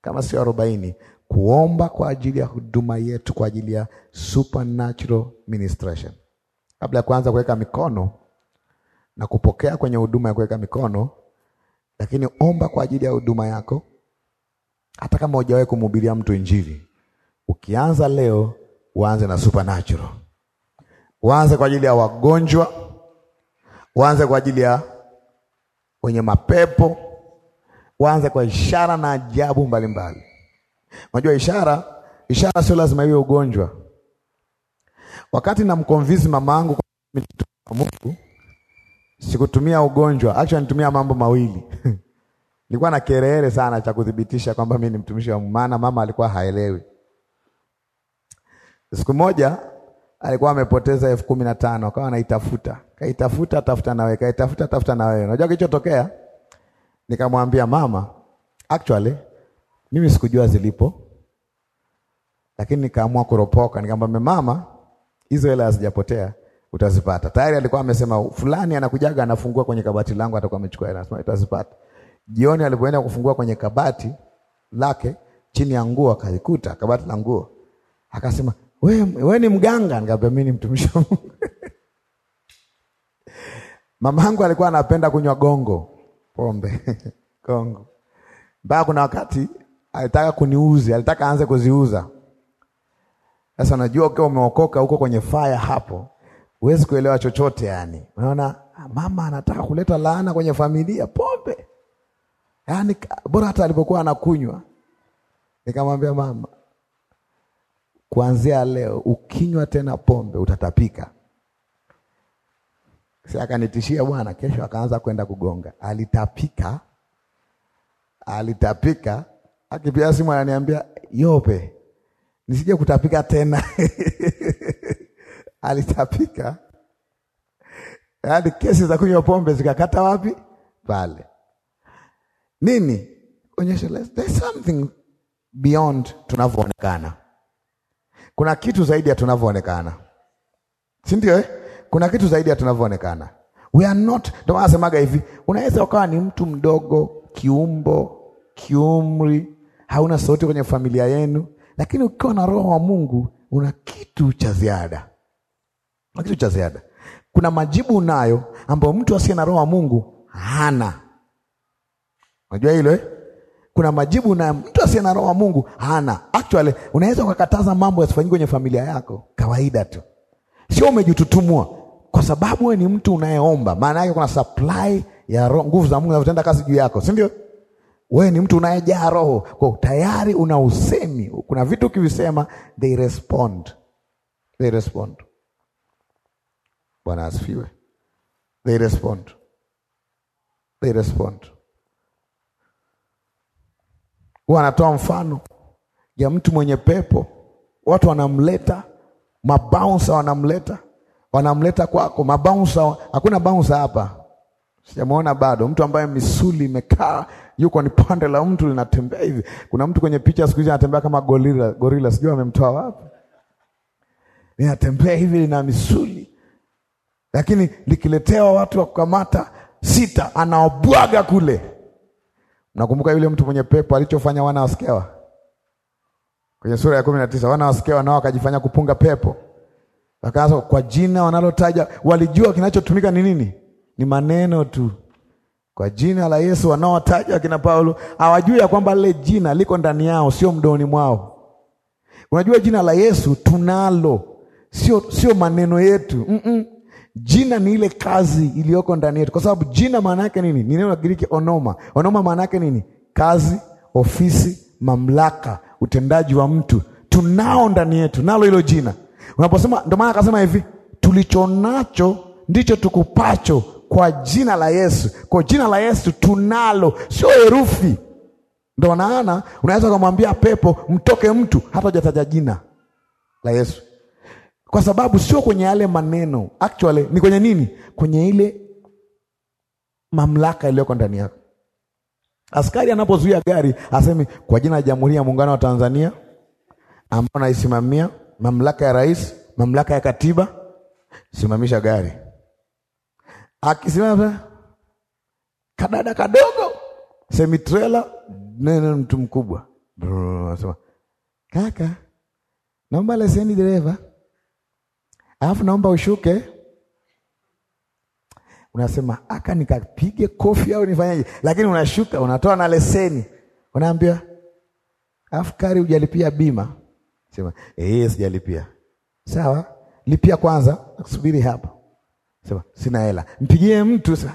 kama sio arobaini, kuomba kwa ajili ya huduma yetu, kwa ajili ya supernatural ministration. Kabla ya kuanza kuweka mikono na kupokea kwenye huduma ya kuweka mikono, lakini omba kwa ajili ya huduma yako. Hata kama hujawahi kumhubiria mtu Injili, ukianza leo uanze na supernatural. Uanze kwa ajili ya wagonjwa, uanze kwa ajili ya wenye mapepo, uanze kwa ishara na ajabu mbalimbali. Unajua ishara, ishara sio lazima iwe ugonjwa. Wakati namkonvinsi mamangu kwa Mungu sikutumia ugonjwa, actually nitumia mambo mawili nilikuwa na kelele sana cha kudhibitisha kwamba mimi ni mtumishi wa maana. Mama alikuwa haelewi. Siku moja alikuwa amepoteza elfu kumi na tano akawa anaitafuta, kaitafuta tafuta na wewe, kaitafuta tafuta na wewe. Unajua kilichotokea, nikamwambia mama, actually mimi sikujua zilipo, lakini nikaamua kuropoka, nikamwambia mama, hizo hela hazijapotea, utazipata. Tayari alikuwa amesema fulani anakujaga anafungua kwenye kabati langu, atakuwa amechukua, hela. anasema utazipata. Jioni alipoenda kufungua kwenye kabati lake chini ya nguo akaikuta kabati la nguo, akasema we, we ni mganga? Nikamwambia mimi ni mtumishi wa Mungu. Mamangu alikuwa anapenda kunywa gongo pombe gongo, mpaka kuna wakati alitaka kuniuzi, alitaka aanze kuziuza. Sasa unajua ukiwa umeokoka huko kwenye faya hapo huwezi kuelewa chochote yani. Unaona ah, mama anataka kuleta laana kwenye familia, pombe yani, bora hata alipokuwa anakunywa. Nikamwambia mama, kuanzia leo ukinywa tena pombe utatapika. Si akanitishia bwana, kesho akaanza kwenda kugonga. Alitapika, alitapika, akipia simu ananiambia, yope nisije kutapika tena alitapika, yaani kesi za kunywa pombe zikakata wapi? Pale nini, onyesho there's something beyond tunavyoonekana. Kuna kitu zaidi ya tunavyoonekana, si ndio eh? Kuna kitu zaidi ya tunavyoonekana, we are not. Ndio maana nasemaga hivi, unaweza ukawa ni mtu mdogo kiumbo, kiumri, hauna sauti kwenye familia yenu, lakini ukiwa na roho wa Mungu una kitu cha ziada na kitu cha ziada. Kuna majibu unayo ambayo mtu asiye na roho wa Mungu hana. Unajua hilo eh? Kuna majibu na mtu asiye na roho wa Mungu hana. Actually, unaweza ukakataza mambo yasifanyike kwenye familia yako kawaida tu, sio umejitutumua, kwa sababu wewe ni mtu unayeomba. Maana yake kuna supply ya nguvu za Mungu zinazotenda kazi juu yako, si ndio? Wewe ni mtu unayejaa roho, kwa tayari una usemi. Kuna vitu ukivisema, they respond, they respond. Bwana asifiwe. They respond. They respond. Wanatoa mfano ya mtu mwenye pepo, watu wanamleta mabaunsa, wanamleta wanamleta kwako mabaunsa. Hakuna baunsa hapa, sijamwona bado mtu ambaye misuli imekaa yuko ni pande la mtu linatembea hivi. Kuna mtu kwenye picha siku hizi anatembea kama gorila, gorila sijui amemtoa wapi, linatembea hivi, lina misuli lakini likiletewa watu wa kukamata sita, anaobwaga kule. nakumbuka yule mtu mwenye pepo alichofanya wana wasikewa kwenye sura ya kumi na tisa wana wasikewa nao wakajifanya kupunga pepo, wakaanza kwa jina wanalotaja. Walijua kinachotumika ni nini? Ni maneno tu kwa jina la Yesu wanaotaja akina Paulo hawajui ya kwamba lile jina liko ndani yao, sio mdomoni mwao. Unajua jina la Yesu tunalo, sio sio maneno yetu. Mm -mm jina ni ile kazi iliyoko ndani yetu, kwa sababu jina maana yake nini? Ni neno la Kigiriki onoma. Onoma maana yake nini? Kazi, ofisi, mamlaka, utendaji wa mtu tunao ndani yetu, nalo hilo jina. Unaposema, ndio maana akasema hivi, tulichonacho ndicho tukupacho kwa jina la Yesu. Kwa jina la Yesu tunalo, sio herufi. Ndio maana unaweza kumwambia pepo mtoke mtu, hata hujataja jina la Yesu kwa sababu sio kwenye yale maneno, actually ni kwenye nini? Kwenye ile mamlaka iliyoko ndani yako. Askari anapozuia gari asemi kwa jina la Jamhuri ya Muungano wa Tanzania ambao naisimamia, mamlaka ya rais, mamlaka ya katiba, simamisha gari. Akisimama kadada kadogo semitrela, nene mtu mkubwa asema, kaka, naomba leseni dereva alafu naomba ushuke, unasema aka nikapige kofi au nifanyaje? Lakini unashuka unatoa na leseni, unaambia afkari, hujalipia bima. Sema ee, sijalipia. Sawa, lipia kwanza, subiri hapa. Sema sina hela, mpigie mtu. Sasa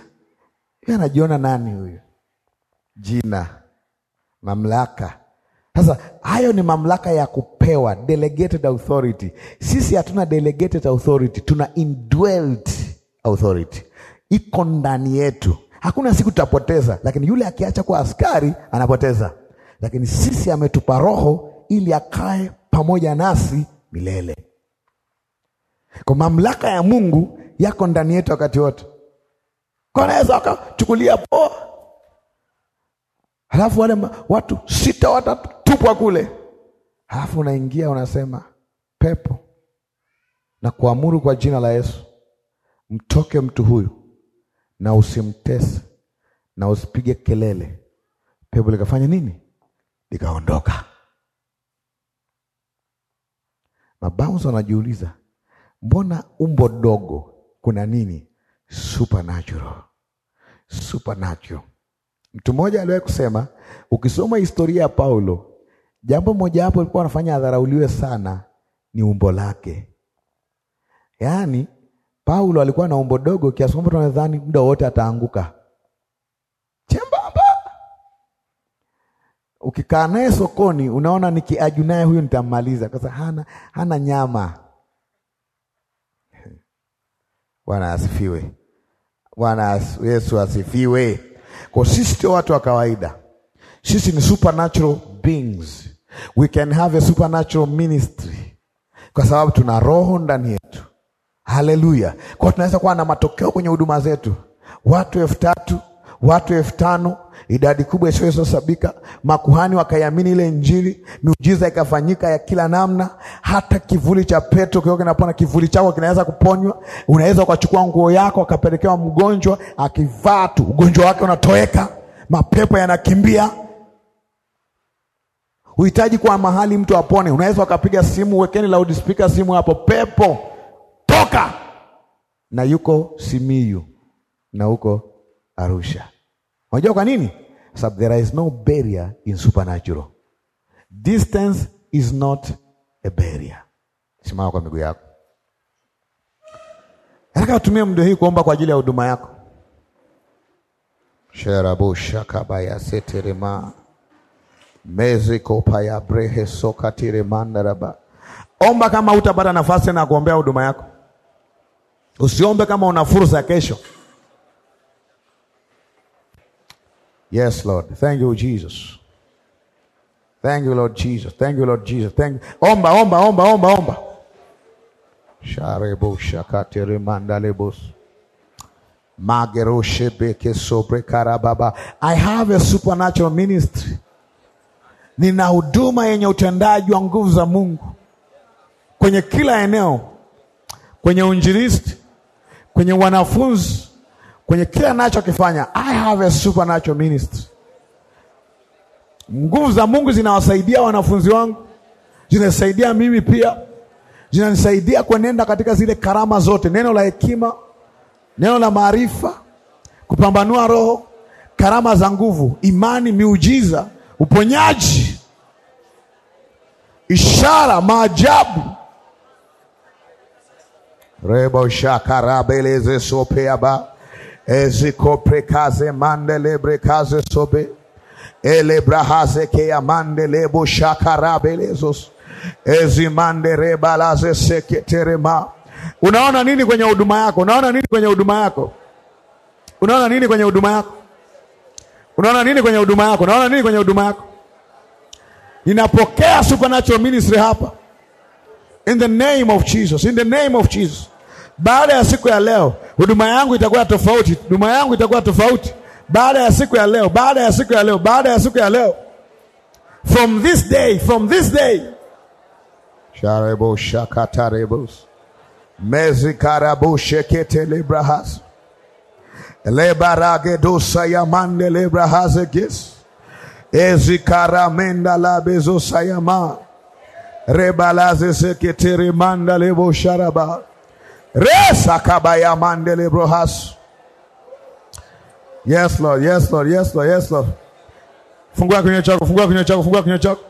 anajiona nani huyu? Jina, mamlaka sasa hayo ni mamlaka ya kupewa, delegated authority. Sisi hatuna delegated authority, tuna indwelt authority, iko ndani yetu. Hakuna siku tutapoteza, lakini yule akiacha kuwa askari anapoteza, lakini sisi ametupa Roho ili akae pamoja nasi milele. Kwa mamlaka ya Mungu yako ndani yetu wakati wote, kwa naweza wakachukulia poa, halafu wale watu sita watatu unatupwa kule, halafu unaingia unasema, pepo, na kuamuru kwa jina la Yesu, mtoke mtu huyu, na usimtese na usipige kelele. Pepo likafanya nini? Likaondoka. Mabaunsa wanajiuliza mbona umbo dogo, kuna nini supernatural? Supernatural. Mtu mmoja aliwahi kusema, ukisoma historia ya Paulo Jambo moja hapo alikuwa anafanya adharauliwe sana ni umbo lake. Yaani Paulo alikuwa na umbo dogo kiasi kwamba tunadhani muda wote ataanguka. Chembamba. Ukikaa naye sokoni unaona nikiaju naye huyu nitammaliza kwa sababu hana hana nyama. Bwana asifiwe. Bwana Yesu asifiwe. Kwa sisi sio watu wa kawaida. Sisi ni supernatural beings. We can have a supernatural ministry kwa sababu tuna roho ndani yetu. Haleluya! Kwa tunaweza kuwa na matokeo kwenye huduma zetu, watu elfu tatu watu elfu tano idadi kubwa isiyosabika, makuhani wakaiamini ile Injili, miujiza ikafanyika ya kila namna. Hata kivuli cha Petro kio kinapona, kivuli chako kinaweza kuponywa. Unaweza ukachukua nguo yako akapelekewa mgonjwa, akivaa tu ugonjwa wake unatoweka, mapepo yanakimbia. Uhitaji kwa mahali mtu apone, unaweza ukapiga simu, wekeni loudspeaker simu hapo, pepo toka, na yuko Simiyu na huko Arusha. Unajua kwa nini? Sababu there is no barrier in supernatural. Distance is not a barrier. Simama kwa miguu yako. Nataka utumie muda hii kuomba kwa ajili ya huduma yako. sherabu shakabayaseterema mandaraba omba kama utapata nafasi na kuombea huduma yako. Usiombe kama una fursa kesho. Yes Lord, thank you Jesus. Thank you Lord Jesus. Thank you Lord Jesus. Thank you. Omba, omba, omba, omba, omba. Sharebo shakatere mandalebos. Mageroshe beke sobre karababa. I have a supernatural ministry nina huduma yenye utendaji wa nguvu za Mungu kwenye kila eneo, kwenye uinjilisti, kwenye wanafunzi, kwenye kila nachokifanya. I have a supernatural ministry. Nguvu za Mungu zinawasaidia wanafunzi wangu, zinasaidia mimi pia, zinanisaidia kuenenda katika zile karama zote, neno la hekima, neno la maarifa, kupambanua roho, karama za nguvu, imani, miujiza uponyaji, ishara, maajabu rebo shakarabeleze sopeaba ezikoprekaze mandelebrekaze sobe elebrahaze keamandelebo shakarabelezos ezimanderebalaze seketerema. Unaona nini kwenye huduma yako? Unaona nini kwenye huduma yako? Unaona nini kwenye huduma yako? Unaona nini kwenye huduma yako? Unaona nini kwenye huduma yako? Ninapokea supernatural ministry hapa. In the name of Jesus. In the name of Jesus. Baada ya siku ya leo, huduma yangu itakuwa tofauti. Huduma yangu itakuwa tofauti. Baada ya siku ya leo, baada ya siku ya leo, baada ya siku ya leo. From this day, from this day. Sharebo shakatarebos. Mezi karabo shekete lebaragedosayamande lebrahazekes ezikaramenda labezosayama rebalazeseketeremanda lebosharaba resakabayamande lebrohas Yes Lord, yes Lord, yes Lord, yes Lord. Fungua kinywa chako, fungua kinywa chako, fungua kinywa chako.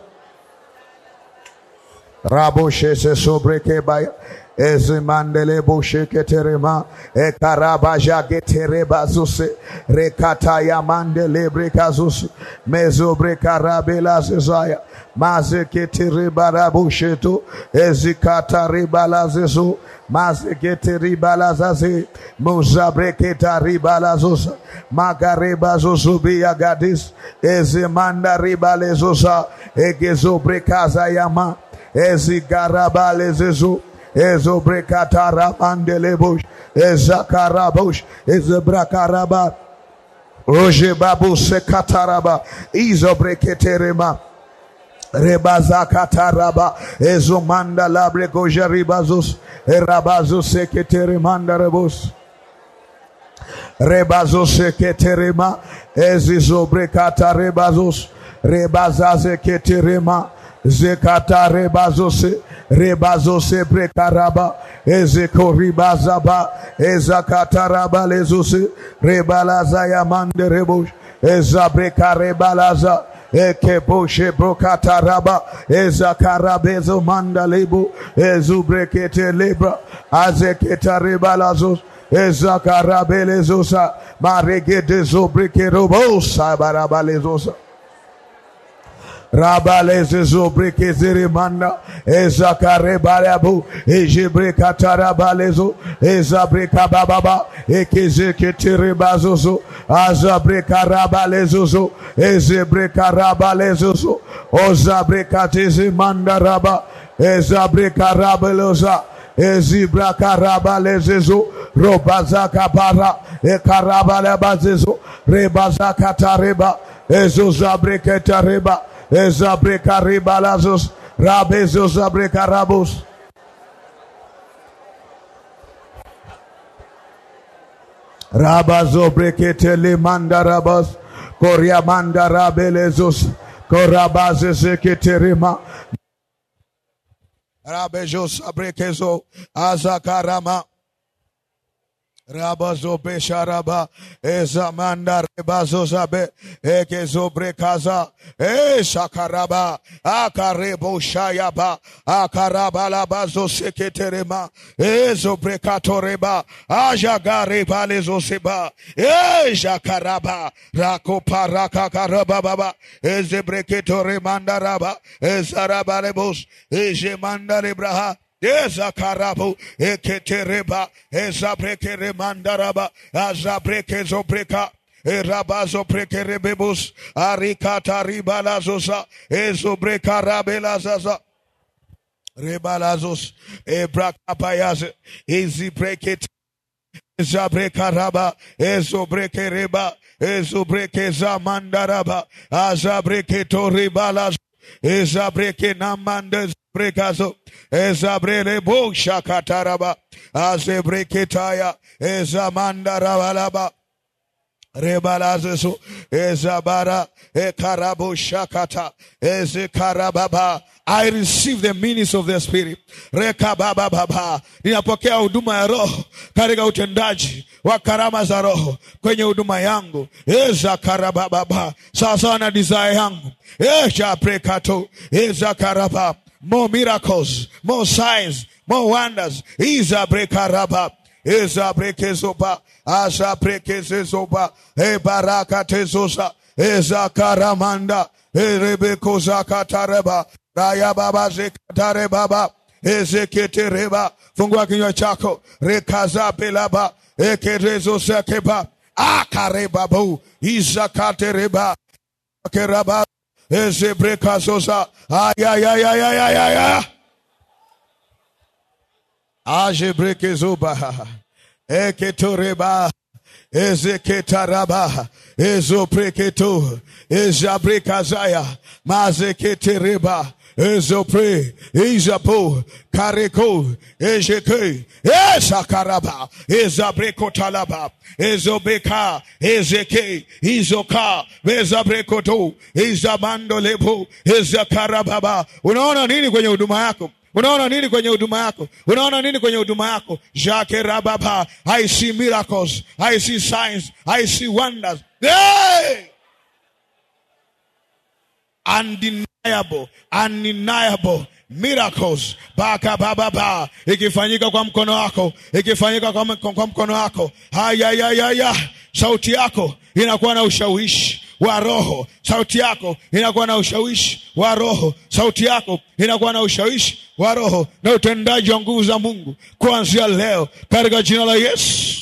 Rabo shese sobre kebaya ezimandele bosheketerema ekarabajageterebazuse rekatayamandelebrekazusi mezobrekarabelazezaya mazeketerebarabosheto ezikatarebalazezo mazeketeribalazaze muzabreketaribalazos magarebazozubiyagadis ezimandaribalezosa egezobrekazayama ezigarabalezezo ezobrekataramandelebosh ezakarabosh ezebrakarabat Rojebabu sekataraba izobreketerema rebazakataraba ezomanda labregoja ribazos erabazo seketeremanda rebos rebazo seketerema ezizobrekata rebazos rebazazeketerema zekata rebazose rebazose prekaraba ezekoribazaba ezakataraba lezose rebalaza yamande rebosh rebalaza ekeboshe brokataraba ezakarabezo mandalebo ezubrekete lebra azeketa rebalazos ezakarabelezosa maregedezobrikerobosa barabalezosa rabalezezobrekezerimanda ezakarebarabu ezebrekatarabalez ezabrekabababa ekezeketerebazozo azabrekarabalezzo ezebrekarabalezozo ozabrekatizimandaraba ezabrekarebeloza ezibrakarabalezezo robazakabara ekarabalabazezo rebazakatareba ezozabreketareba ezabreka ribalazos rabezo zabreka rabos rabazo breketele mandarabas koriamandarabelezos korabazezeketerema rabezo sabrekezo azakarama Rabazo Besharaba, Ezamanda Rebazo Zabe, Ekezo Brekaza, E Shakaraba, Akarebo Shayaba, Akaraba Labazo Seketerema, Ezo Brekatoreba, Ajagareba seba, E Jakaraba, Rakopa Rakakaraba Baba, Ezebreketoremanda Raba, Ezarabalebos, Ejemanda Rebraha, Ezakarabo, Eketereba, Ezabreke Remandaraba, Azabreke Zobreka. Erabazo prekerebebus, arikata ribalazosa, ezobreka rabelazaza. Rebalazos, ebrakabayaz, ezibreketa. Zabrekaraba, Ezobrekereba, Ezobreke Zamandaraba, azabreke Ribalas, Ezabreke Namandas, Brekazo, Ezabrele Boksha Kataraba, Azebreketaya, Ezamanda Rabalaba. Rebalazesu, Ezabara, Ekarabu Shakata, Ezekarababa. I receive the meanings of the Spirit. Rekabababa. Ninapokea huduma ya Roho katika utendaji wa karama za Roho kwenye huduma yangu. Eza karaba baba sasa na desire yangu. Eza prekato. Eza karababa more miracles, more signs, more wonders. Iza brekaraba. Iza brekezoba. Aza brekezezoba. Ebaraka barakatezosa. Iza karamanda. E rebekozakatareba. Raya baba zekatareba. Ezeketereba. Fungwa kinyo chako. Rekaza belaba. Ekerezo sekeba. Akarebabu. Iza katereba. Keraba. Ajebrekezuba, Eketoreba, Ezeketaraba, Ezopreketo, mazike Mazeketereba, Ezopre, Ezapo, Kareko, Ezeke, Ezakaraba, Ezabreko Talaba, Ezobeka, Ezeke, Izoka, Ezabrekoto, Ezabando Lebo, Ezakarababa. Unaona nini kwenye huduma yako? Unaona nini kwenye huduma yako? Unaona nini kwenye huduma yako? Jake rababa, I see miracles, I see signs, I see wonders. Hey! undeniable, undeniable miracles baka baba ba ikifanyika kwa mkono wako, ikifanyika kwa, kwa mkono wako. Haya ya ya ya, sauti yako inakuwa na ushawishi wa roho. Sauti yako inakuwa na ushawishi wa roho. Sauti yako inakuwa na ushawishi wa roho na utendaji wa nguvu za Mungu kuanzia leo katika jina la Yesu.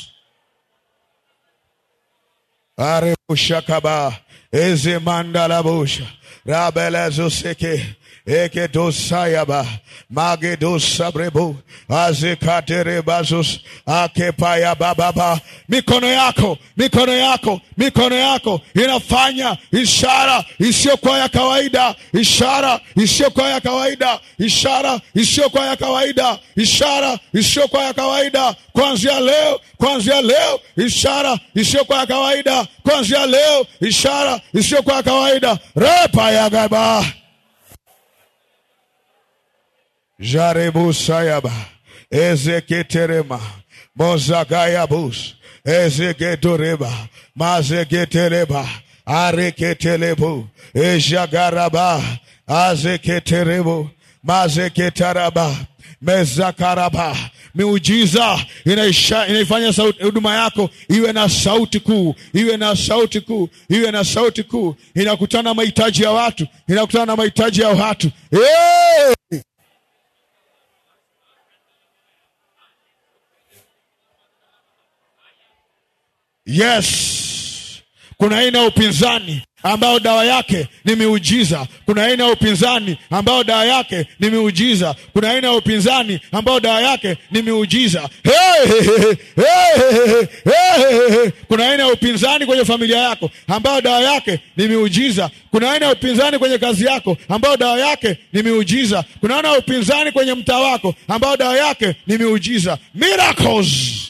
arebushakaba eze mandalabusha Rabelezo seque. ekedosayaba magedosabrebo azekaterebazos akepayabababa. Mikono yako mikono yako mikono yako inafanya ishara isiyokuwa ya kawaida, ishara isiyokuwa ya kawaida, ishara isiyokuwa ya kawaida, ishara isiyokuwa ya kawaida. kwanzia leo, kwanzia leo, ishara isiyokuwa ya kawaida, kwanzia leo, ishara isiyokuwa ya kawaida. repayagaba jarebu sayaba ezeketerema mozagayabus ezegetoreba mazegetereba areketelebu ejagaraba azeketerebu mazeketaraba mezakaraba miujiza inaisha, inaifanya huduma yako iwe na sauti kuu, iwe na sauti kuu, iwe na sauti kuu. Inakutana mahitaji ya watu, inakutana na mahitaji ya watu hey! Yes. Kuna aina ya upinzani ambayo dawa yake ni miujiza. Kuna aina ya upinzani ambayo dawa yake ni miujiza. Kuna aina ya upinzani ambayo dawa yake ni miujiza. Hey, hey, hey, hey, hey. Kuna aina ya upinzani kwenye familia yako ambayo dawa yake ni miujiza. Kuna aina ya upinzani kwenye kazi yako ambayo dawa yake ni miujiza. Kuna aina ya upinzani kwenye mtaa wako ambayo dawa yake ni miujiza. Miracles.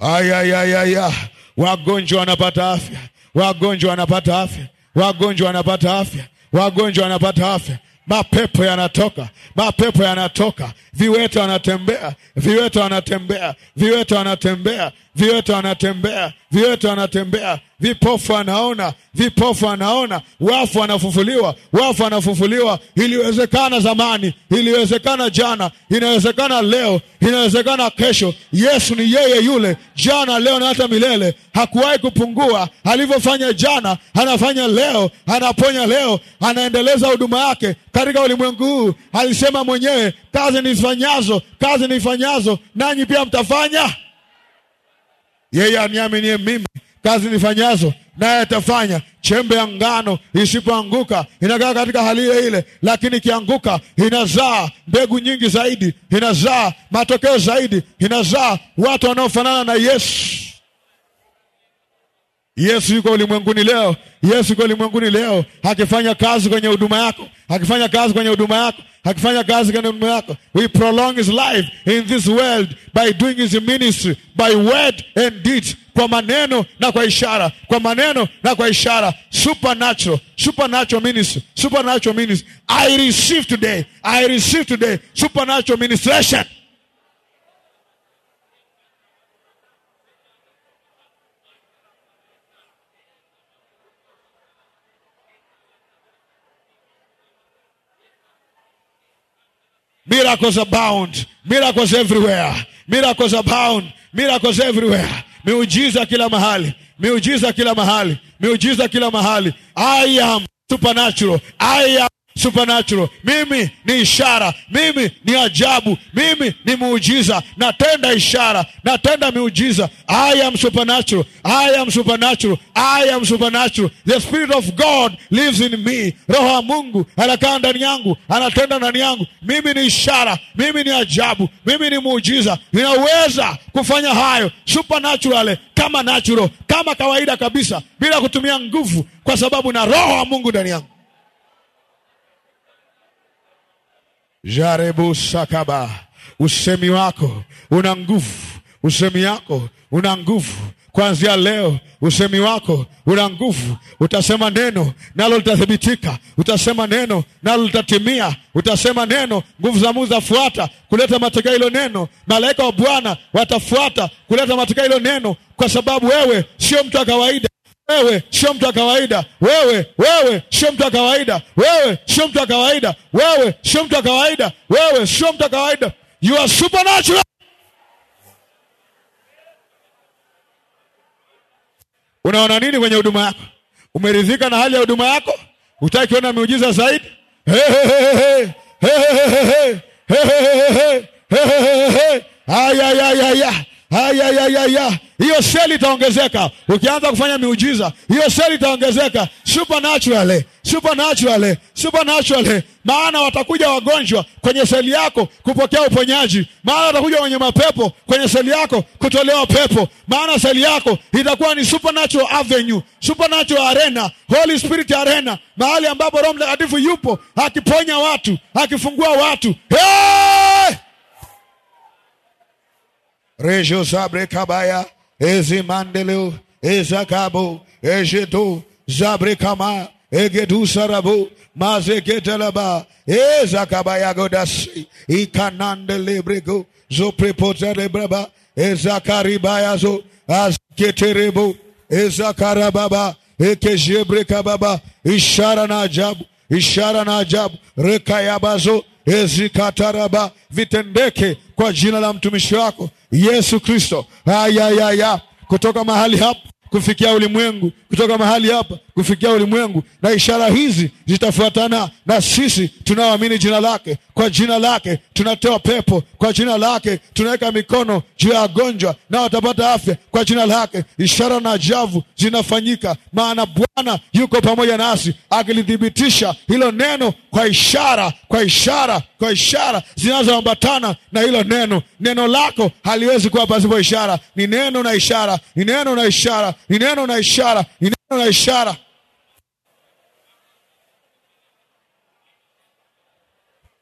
Ayayayaya, wagonjwa wanapata afya, wagonjwa wanapata afya, wagonjwa wanapata afya, wagonjwa wanapata afya mapepo yanatoka, mapepo yanatoka, viwete wanatembea, viwete wanatembea, viwete wanatembea, viwete wanatembea, viwete anatembea, vipofu anaona, vipofu anaona, wafu anafufuliwa, wafu anafufuliwa. Iliwezekana zamani, iliwezekana jana, inawezekana leo, inawezekana kesho. Yesu ni yeye yule jana, leo na hata milele. Hakuwahi kupungua. Alivyofanya jana, anafanya leo, anaponya leo, anaendeleza huduma yake katika ulimwengu huu. Alisema mwenyewe, kazi nifanyazo kazi niifanyazo, nanyi pia mtafanya. Yeye aniaminie mimi, kazi nifanyazo naye atafanya. Chembe ya ngano isipoanguka inakaa katika hali ile ile, lakini ikianguka inazaa mbegu nyingi zaidi, inazaa matokeo zaidi, inazaa watu wanaofanana na Yesu. Yesu yuko ulimwenguni leo, Yesu yuko ulimwenguni leo, akifanya kazi kwenye huduma yako, akifanya kazi kwenye huduma yako, akifanya kazi kwenye huduma yako. We prolong his life in this world by doing his ministry by word and deed, kwa maneno na kwa ishara, kwa maneno na kwa ishara. Supernatural, supernatural ministry, supernatural ministry. I receive today, I receive today supernatural ministration. Miracles abound. Miracles everywhere. Miracles abound. Miracles everywhere. Miujiza kila mahali. Miujiza kila mahali. Miujiza kila mahali. I am supernatural. I am supernatural, mimi ni ishara, mimi ni ajabu, mimi ni muujiza, natenda ishara, natenda miujiza. I am supernatural, I am supernatural, I am supernatural. The spirit of God lives in me. Roho ya Mungu anakaa ndani yangu, anatenda ndani yangu. Mimi ni ishara, mimi ni ajabu, mimi ni muujiza. Ninaweza kufanya hayo supernaturally, kama natural, kama kawaida kabisa, bila kutumia nguvu, kwa sababu na roho wa Mungu ndani yangu. Jarebu sakaba usemi wako una nguvu, usemi wako una nguvu. Kuanzia leo usemi wako una nguvu. Utasema neno nalo litathibitika, utasema neno nalo litatimia, utasema neno. Nguvu za Mungu zafuata kuleta matokeo hilo neno. Malaika wa Bwana watafuata kuleta matokeo hilo neno, kwa sababu wewe sio mtu wa kawaida wewe sio mtu wa kawaida, wewe wewe sio mtu wa kawaida, wewe sio mtu wa kawaida, wewe sio mtu wa kawaida, wewe sio mtu wa kawaida, you are supernatural. Unaona nini kwenye huduma yako? Umeridhika na hali ya huduma yako? Hutaki kuona miujiza zaidi? hey, hey, hey, hey, hey, hey, hey, hey, hey Hayayayaya, hiyo seli itaongezeka ukianza kufanya miujiza, hiyo seli itaongezeka supernaturally, supernaturally, supernaturally. Maana watakuja wagonjwa kwenye seli yako kupokea uponyaji, maana watakuja wenye mapepo kwenye seli yako kutolewa pepo, maana seli yako itakuwa ni supernatural avenue, supernatural arena, Holy Spirit arena, mahali ambapo Roho Mtakatifu yupo akiponya watu, akifungua watu hey! Rejo Zabre Kabaya, Ezimandelu, Ezakabo, Ejedu, Zabre Kama, Egedu Sarabu, Mazegetalaba, Ezakabaya Godasi, Ikanande Lebrego, Zoprepota Lebraba, Ezakaribayazo, Azketerebo, Ezakarababa, Ekejebre Kababa, Isharana Jabu, Isharana Jabu, Rekayabazo, Ezikataraba, vitendeke kwa jina la mtumishi Yesu Kristo. Ayayaya, kutoka mahali hapa kufikia ulimwengu, kutoka mahali hapa kufikia ulimwengu, na ishara hizi zitafuatana na sisi tunaoamini jina lake. Kwa jina lake tunatoa pepo, kwa jina lake tunaweka mikono juu ya wagonjwa na watapata afya, kwa jina lake ishara na ajabu zinafanyika, maana Bwana yuko pamoja nasi, akilithibitisha hilo neno kwa ishara, kwa ishara, kwa ishara zinazoambatana na hilo neno. Neno lako haliwezi kuwa pasipo ishara. Ni neno na ishara, ni neno na ishara, ni neno na ishara, ni neno na ishara.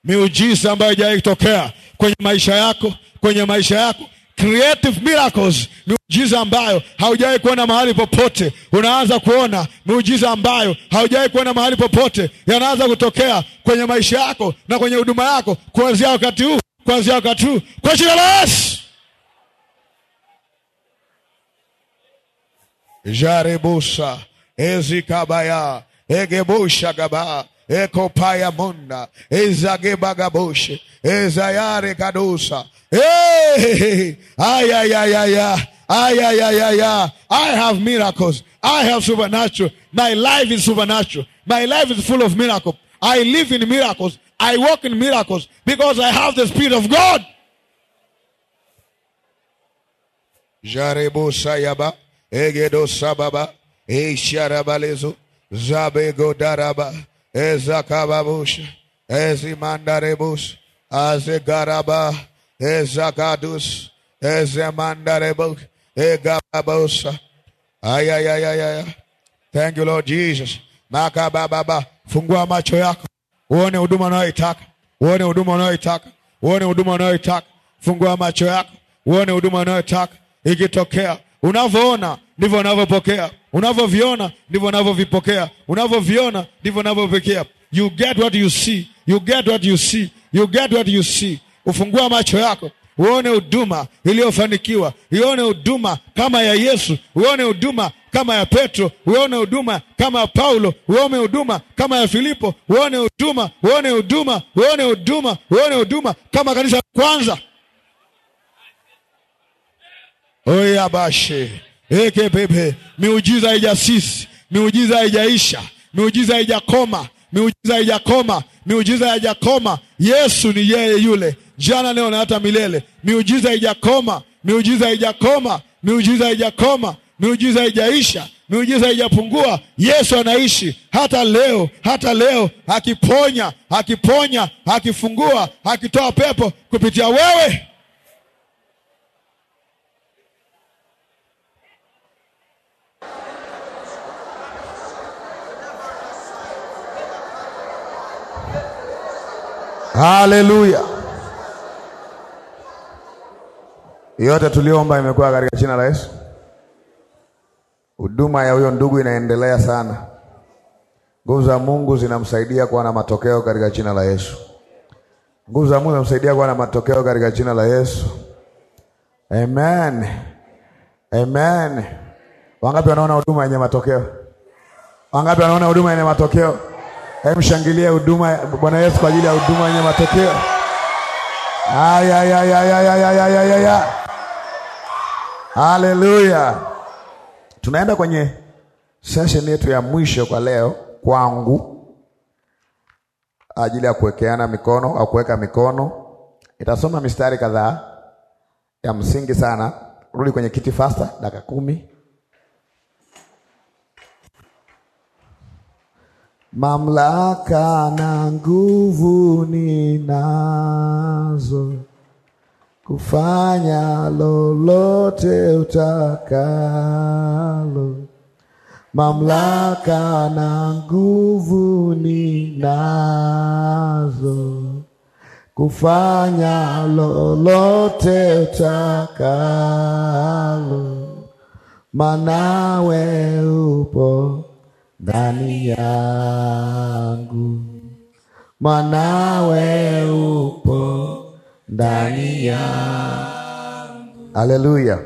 miujiza ambayo haijawahi kutokea kwenye maisha yako, kwenye maisha yako creative miracles, miujiza ambayo haujawahi kuona mahali popote. Unaanza kuona miujiza ambayo haujawahi kuona mahali popote, yanaanza kutokea kwenye maisha yako na kwenye huduma yako kuanzia wakati huu, kuanzia wakati huu, kwa jina la Yesu. jaribusa ezikabaya egebusha gabaa paya munda. Ezagebagabosh. Ezayare kadosa. Hey, ay, ay, ay, ay, ay. Ay, ay, I have miracles. I have supernatural. My life is supernatural. My life is full of miracles. I live in miracles. I walk in miracles because I have the Spirit of God. Jarebo Sayaba, Egedo Sababa, Esharabalezo, Zabego Daraba. Ezakababush, Ezimandarebus, Azegaraba, ezakadus, Ezemandarebuk, Egababosa. Ay, ay, ay, ay, ay. Thank you, Lord Jesus. Makababa, fungua macho yako uone Wone unayoitaka, uone huduma unayoitaka, uone huduma unayoitaka. Fungua machoyak. Wone uone huduma unayoitaka ikitokea Unavyoona ndivyo unavyopokea, unavyoviona ndivyo unavyovipokea, unavyoviona ndivyo unavyopokea. You get what you see, you get what you see, you get what you see. Ufungua macho yako uone huduma iliyofanikiwa, uone huduma kama ya Yesu, uone huduma kama ya Petro, uone huduma kama ya Paulo, uone huduma kama ya Filipo, uone huduma, uone huduma, uone huduma, uone huduma kama kanisa kwanza oyabashe ekepepe. Miujiza haijasisi, miujiza haijaisha, miujiza haijakoma, miujiza haijakoma, miujiza haijakoma. Yesu ni yeye yule jana, leo na hata milele. Miujiza haijakoma, miujiza haijakoma, miujiza haijakoma, miujiza haijaisha miujiza haijapungua. Yesu anaishi hata leo, hata leo, akiponya, akiponya, akifungua, akitoa pepo kupitia wewe. Haleluya! Yote tuliomba imekuwa katika jina la Yesu. Huduma ya huyo ndugu inaendelea sana. Nguvu za Mungu zinamsaidia kuwa na matokeo katika jina la Yesu. Nguvu za Mungu zinamsaidia kuwa na matokeo katika jina la Yesu. Amen. Amen. Wangapi wanaona huduma yenye matokeo? Wangapi wanaona huduma yenye matokeo? shangilia huduma Bwana Yesu kwa ajili ya huduma yenye matokeo. Ayayayayayayayaya, haleluya! Tunaenda kwenye session yetu ya mwisho kwa leo kwangu, ajili ya kuwekeana mikono au kuweka mikono. Itasoma mistari kadhaa ya msingi sana. Rudi kwenye kiti fasta, dakika kumi. Mamlaka na nguvu ninazo, kufanya lolote utakalo. Mamlaka na nguvu ninazo, kufanya lolote utakalo. Manawe upo ndani yangu, mwanawe upo ndani yangu. Haleluya!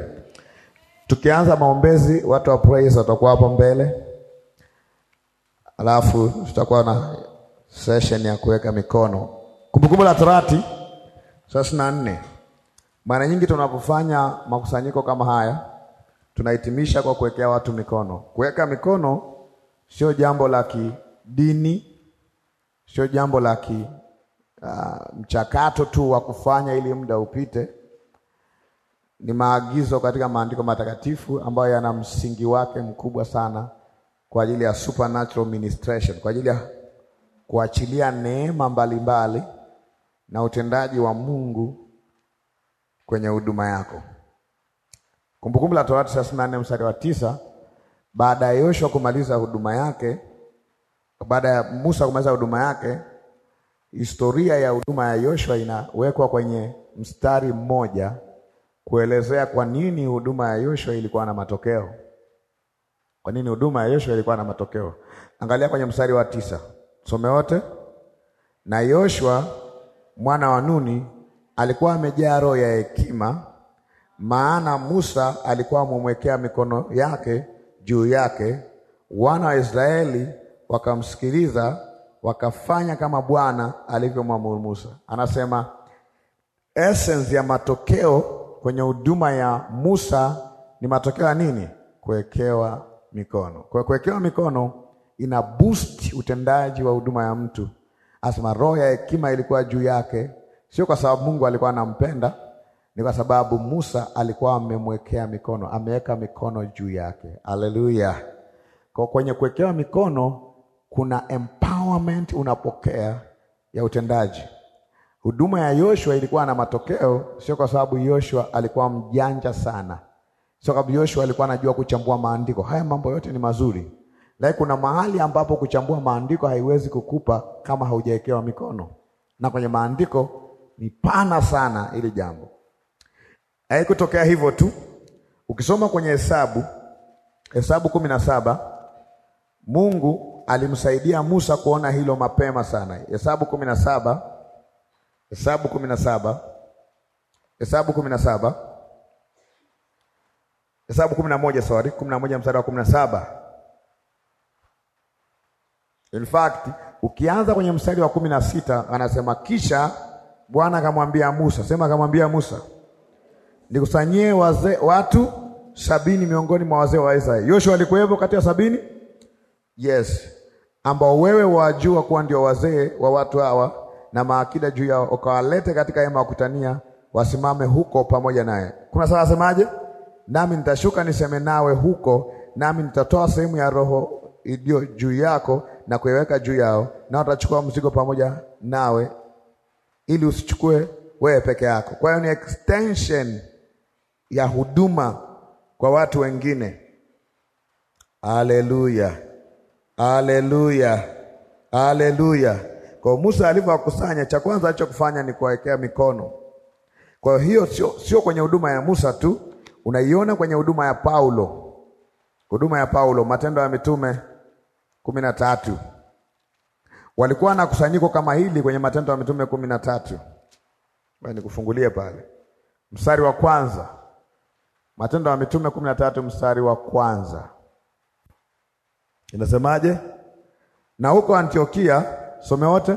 Tukianza maombezi, watu wa praise watakuwa hapo mbele, alafu tutakuwa na session ya kuweka mikono. Kumbukumbu la Torati thelathini na nne. Mara nyingi tunapofanya makusanyiko kama haya tunahitimisha kwa kuwekea watu mikono. Kuweka mikono sio jambo la kidini, sio jambo la ki uh, mchakato tu wa kufanya ili muda upite. Ni maagizo katika maandiko matakatifu ambayo yana msingi wake mkubwa sana kwa ajili ya supernatural ministration, kwa ajili ya kuachilia neema mbalimbali na utendaji wa Mungu kwenye huduma yako. Kumbukumbu la Torati 34 mstari wa tisa baada ya Yoshua kumaliza huduma yake, baada ya Musa kumaliza huduma yake, historia ya huduma ya Yoshua inawekwa kwenye mstari mmoja kuelezea kwa nini huduma ya Yoshua ilikuwa na matokeo. Kwa nini huduma ya Yoshua ilikuwa na matokeo? Angalia kwenye mstari wa tisa, some wote. Na Yoshua mwana wa Nuni alikuwa amejaa roho ya hekima, maana Musa alikuwa amemwekea mikono yake juu yake, wana wa Israeli wakamsikiliza, wakafanya kama Bwana alivyomwamuru Musa. Anasema essence ya matokeo kwenye huduma ya Musa ni matokeo ya nini? Kuwekewa mikono. Kwa kuwekewa mikono ina boost utendaji wa huduma ya mtu. Asema roho ya hekima ilikuwa juu yake, sio kwa sababu Mungu alikuwa anampenda ni kwa sababu Musa alikuwa amemwekea mikono, ameweka mikono juu yake. Haleluya! Kwa kwenye kuwekewa mikono kuna empowerment unapokea ya utendaji. Huduma ya Yoshua ilikuwa na matokeo, sio kwa sababu Yoshua alikuwa mjanja sana, sio kwa sababu Yoshua alikuwa anajua kuchambua maandiko. Haya mambo yote ni mazuri, lakini kuna mahali ambapo kuchambua maandiko haiwezi kukupa kama haujawekewa mikono, na kwenye maandiko ni pana sana ili jambo Haikutokea hivyo tu. Ukisoma kwenye Hesabu, Hesabu kumi na saba, Mungu alimsaidia Musa kuona hilo mapema sana. Hesabu kumi na saba, Hesabu kumi na saba, Hesabu kumi na saba, Hesabu kumi na moja, sorry, kumi na moja mstari wa kumi na saba. In fact, ukianza kwenye mstari wa kumi na sita anasema, kisha Bwana akamwambia Musa, sema akamwambia Musa nikusanyie wazee watu sabini miongoni mwa wazee wa Israeli. Yoshua alikuwepo kati ya sabini? Yes, ambao wewe wajua kuwa ndio wazee wa watu hawa na maakida juu yao, ukawalete katika hema ya kutania, wasimame huko pamoja naye. Kuna sala asemaje? Nami nitashuka niseme nawe huko, nami nitatoa sehemu ya roho iliyo juu yako na kuiweka juu yao, na watachukua mzigo pamoja nawe, ili usichukue wewe peke yako. Kwa hiyo ni extension ya huduma kwa watu wengine. Haleluya, haleluya, haleluya! Kwa Musa alivyokusanya, cha kwanza alichokufanya ni kuwawekea mikono. Kwa hiyo sio, sio kwenye huduma ya Musa tu, unaiona kwenye huduma ya Paulo, huduma ya Paulo, Matendo ya Mitume kumi na tatu walikuwa na kusanyiko kama hili kwenye Matendo ya Mitume kumi na tatu. Nikufungulie pale mstari wa kwanza Matendo ya Mitume kumi na tatu mstari wa kwanza inasemaje? Na huko Antiokia, some wote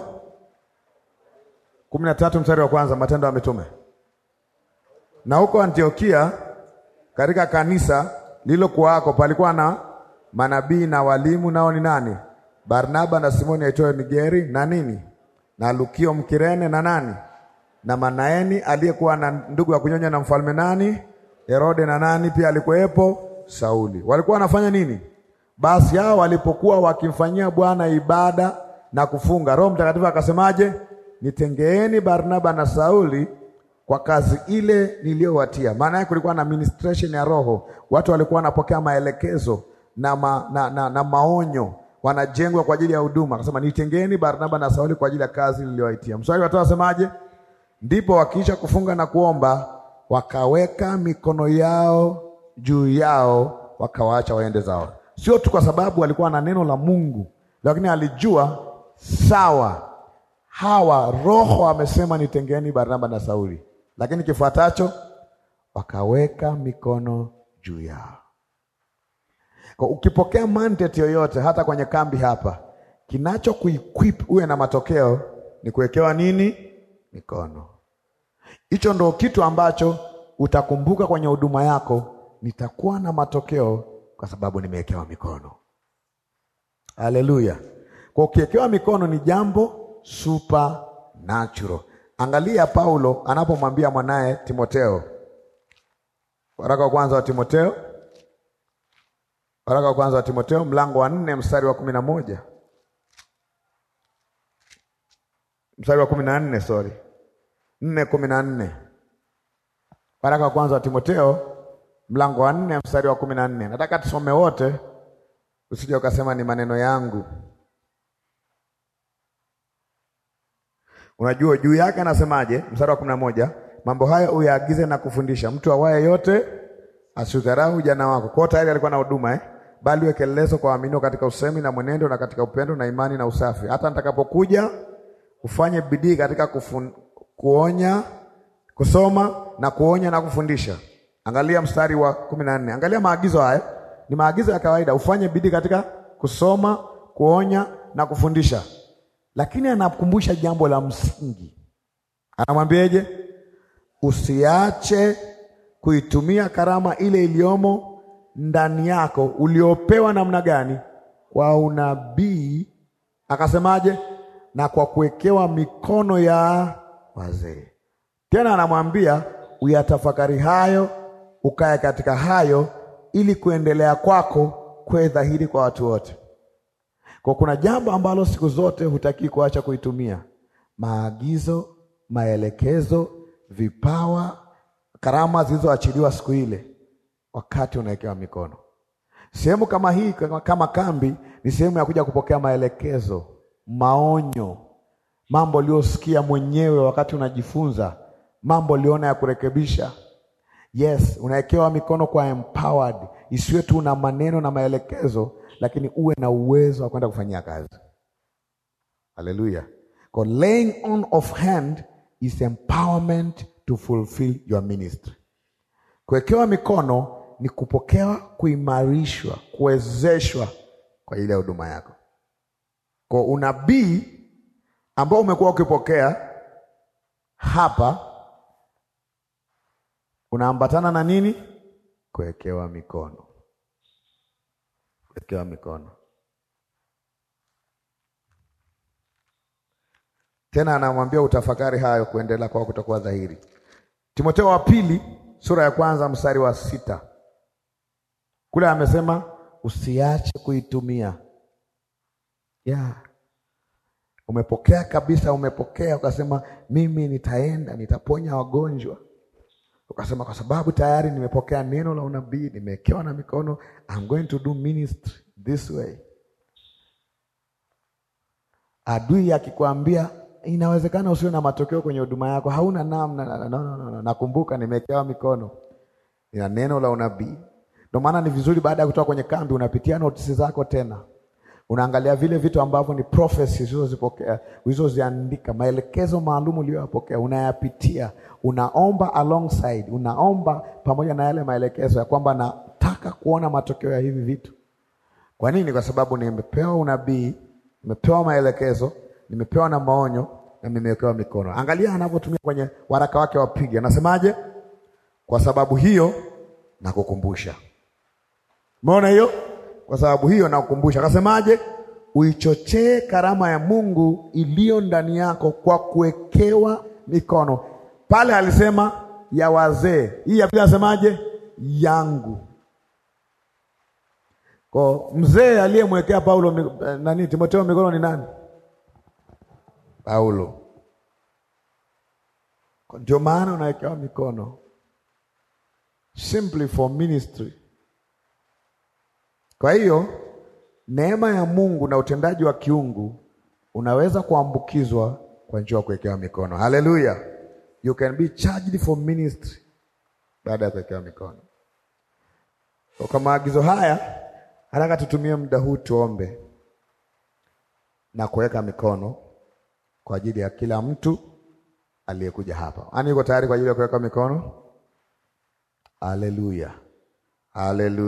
kumi na tatu mstari wa kwanza Matendo ya Mitume. Na huko Antiokia katika kanisa lilokuwako palikuwa na manabii na walimu, nao ni nani? Barnaba na Simoni aitwaye Nigeri na nini na Lukio Mkirene na nani na Manaeni aliyekuwa na ndugu ya kunyonya na mfalme nani Herode na nani pia alikuwepo, Sauli. Walikuwa wanafanya nini? Basi hao walipokuwa wakimfanyia Bwana ibada na kufunga, Roho Mtakatifu akasemaje? Nitengeeni Barnaba na Sauli kwa kazi ile niliyowatia. Maana yake kulikuwa na ministration ya Roho, watu walikuwa wanapokea maelekezo na, ma, na, na, na maonyo, wanajengwa kwa ajili ya huduma. Akasema nitengeeni Barnaba na Sauli kwa ajili ya kazi niliyowaitia. Mswali watu wasemaje? Ndipo wakiisha kufunga na kuomba wakaweka mikono yao juu yao, wakawaacha waende zao. Sio tu kwa sababu alikuwa na neno la Mungu, lakini alijua sawa, hawa Roho amesema nitengeni Barnaba na Sauli, lakini kifuatacho wakaweka mikono juu yao. Kwa ukipokea mandate yoyote hata kwenye kambi hapa, kinachokuequip uwe na matokeo ni kuwekewa nini? Mikono. Hicho ndo kitu ambacho utakumbuka kwenye huduma yako, nitakuwa na matokeo kwa sababu nimewekewa mikono. Haleluya! Kwa ukiwekewa mikono ni jambo natural. Angalia Paulo anapomwambia mwanaye Timoteo, waraka wa kwanza wa Timoteo, waraka wa kwanza wa Timoteo mlango wa nne mstari wa kumi na moja mstari wa kumi na nne sorry nne kumi na nne waraka wa kwanza wa Timotheo mlango wa nne mstari wa kumi na nne nataka tusome wote, usije ukasema ni maneno yangu. Unajua juu yake anasemaje? Mstari wa kumi na moja mambo haya uyaagize na kufundisha, mtu awaye yote asiudharau ujana wako. Kwa tayari alikuwa na huduma eh? bali wekelezo kwa waaminio katika usemi na mwenendo na katika upendo na imani na usafi. Hata nitakapokuja ufanye bidii katika kuonya, kusoma na kuonya na kufundisha. Angalia mstari wa kumi na nne. Angalia maagizo haya, ni maagizo ya kawaida, ufanye bidii katika kusoma, kuonya na kufundisha, lakini anakumbusha jambo la msingi. Anamwambiaje? Usiache kuitumia karama ile iliyomo ndani yako uliopewa namna gani? Kwa unabii. Akasemaje? Na kwa kuwekewa mikono ya wazee. Tena anamwambia uyatafakari hayo, ukae katika hayo, ili kuendelea kwako kwe dhahiri kwa watu wote. Kwa kuna jambo ambalo siku zote hutaki kuacha kuitumia: maagizo, maelekezo, vipawa, karama zilizoachiliwa siku ile, wakati unawekewa mikono. Sehemu kama hii, kama kambi, ni sehemu ya kuja kupokea maelekezo, maonyo mambo uliyosikia mwenyewe wakati unajifunza, mambo uliona ya kurekebisha. Yes, unawekewa mikono kwa empowered, isiwe tu na maneno na maelekezo, lakini uwe na uwezo wa kwenda kufanyia kazi. Haleluya! Kwa laying on of hand is empowerment to fulfill your ministry. Kuwekewa mikono ni kupokewa, kuimarishwa, kuwezeshwa kwa ile huduma yako. Kwa unabii ambao umekuwa ukipokea hapa unaambatana na nini? Kuwekewa mikono, kuwekewa mikono. Tena anamwambia utafakari hayo, kuendelea kwa kutakuwa dhahiri. Timotheo wa pili sura ya kwanza mstari wa sita kule amesema usiache kuitumia ya yeah. Umepokea kabisa, umepokea ukasema, mimi nitaenda nitaponya wagonjwa. Ukasema, kwa sababu tayari nimepokea neno la unabii, nimewekewa na mikono, I'm going to do ministry this way. Adui akikwambia inawezekana usiwe na matokeo kwenye huduma yako, hauna namna. Nakumbuka nimewekewa mikono, ina neno la unabii. Ndio maana ni vizuri, baada ya kutoka kwenye kambi unapitia notisi zako tena Unaangalia vile vitu ambavyo ni prophecies ulizozipokea, ulizoziandika, maelekezo maalum uliyoyapokea, unayapitia, unaomba alongside, unaomba pamoja na yale maelekezo ya kwamba nataka kuona matokeo ya hivi vitu. Kwa nini? Kwa sababu nimepewa unabii, nimepewa maelekezo, nimepewa na maonyo na nimewekewa mikono. Angalia anavyotumia kwenye waraka wake pili, anasemaje? Kwa sababu hiyo nakukumbusha. Umeona hiyo? Kwa sababu hiyo nakukumbusha, akasemaje? Uichochee karama ya Mungu iliyo ndani yako kwa kuwekewa mikono. Pale alisema ya wazee, hii ya pili Yangu. Kwa mzee aliyemwekea Paulo eh, nani, Timotheo mikono ni nani? Paulo. Ndio maana unawekewa mikono simply for ministry kwa hiyo neema ya Mungu na utendaji wa kiungu unaweza kuambukizwa kwa njia ya kuwekewa mikono. Haleluya! you can be charged for ministry baada ya kuwekewa mikono. Kwa maagizo haya, haraka tutumie muda huu tuombe na kuweka mikono kwa ajili ya kila mtu aliyekuja hapa. Ani yuko tayari kwa ajili ya kuweka mikono? Haleluya, haleluya.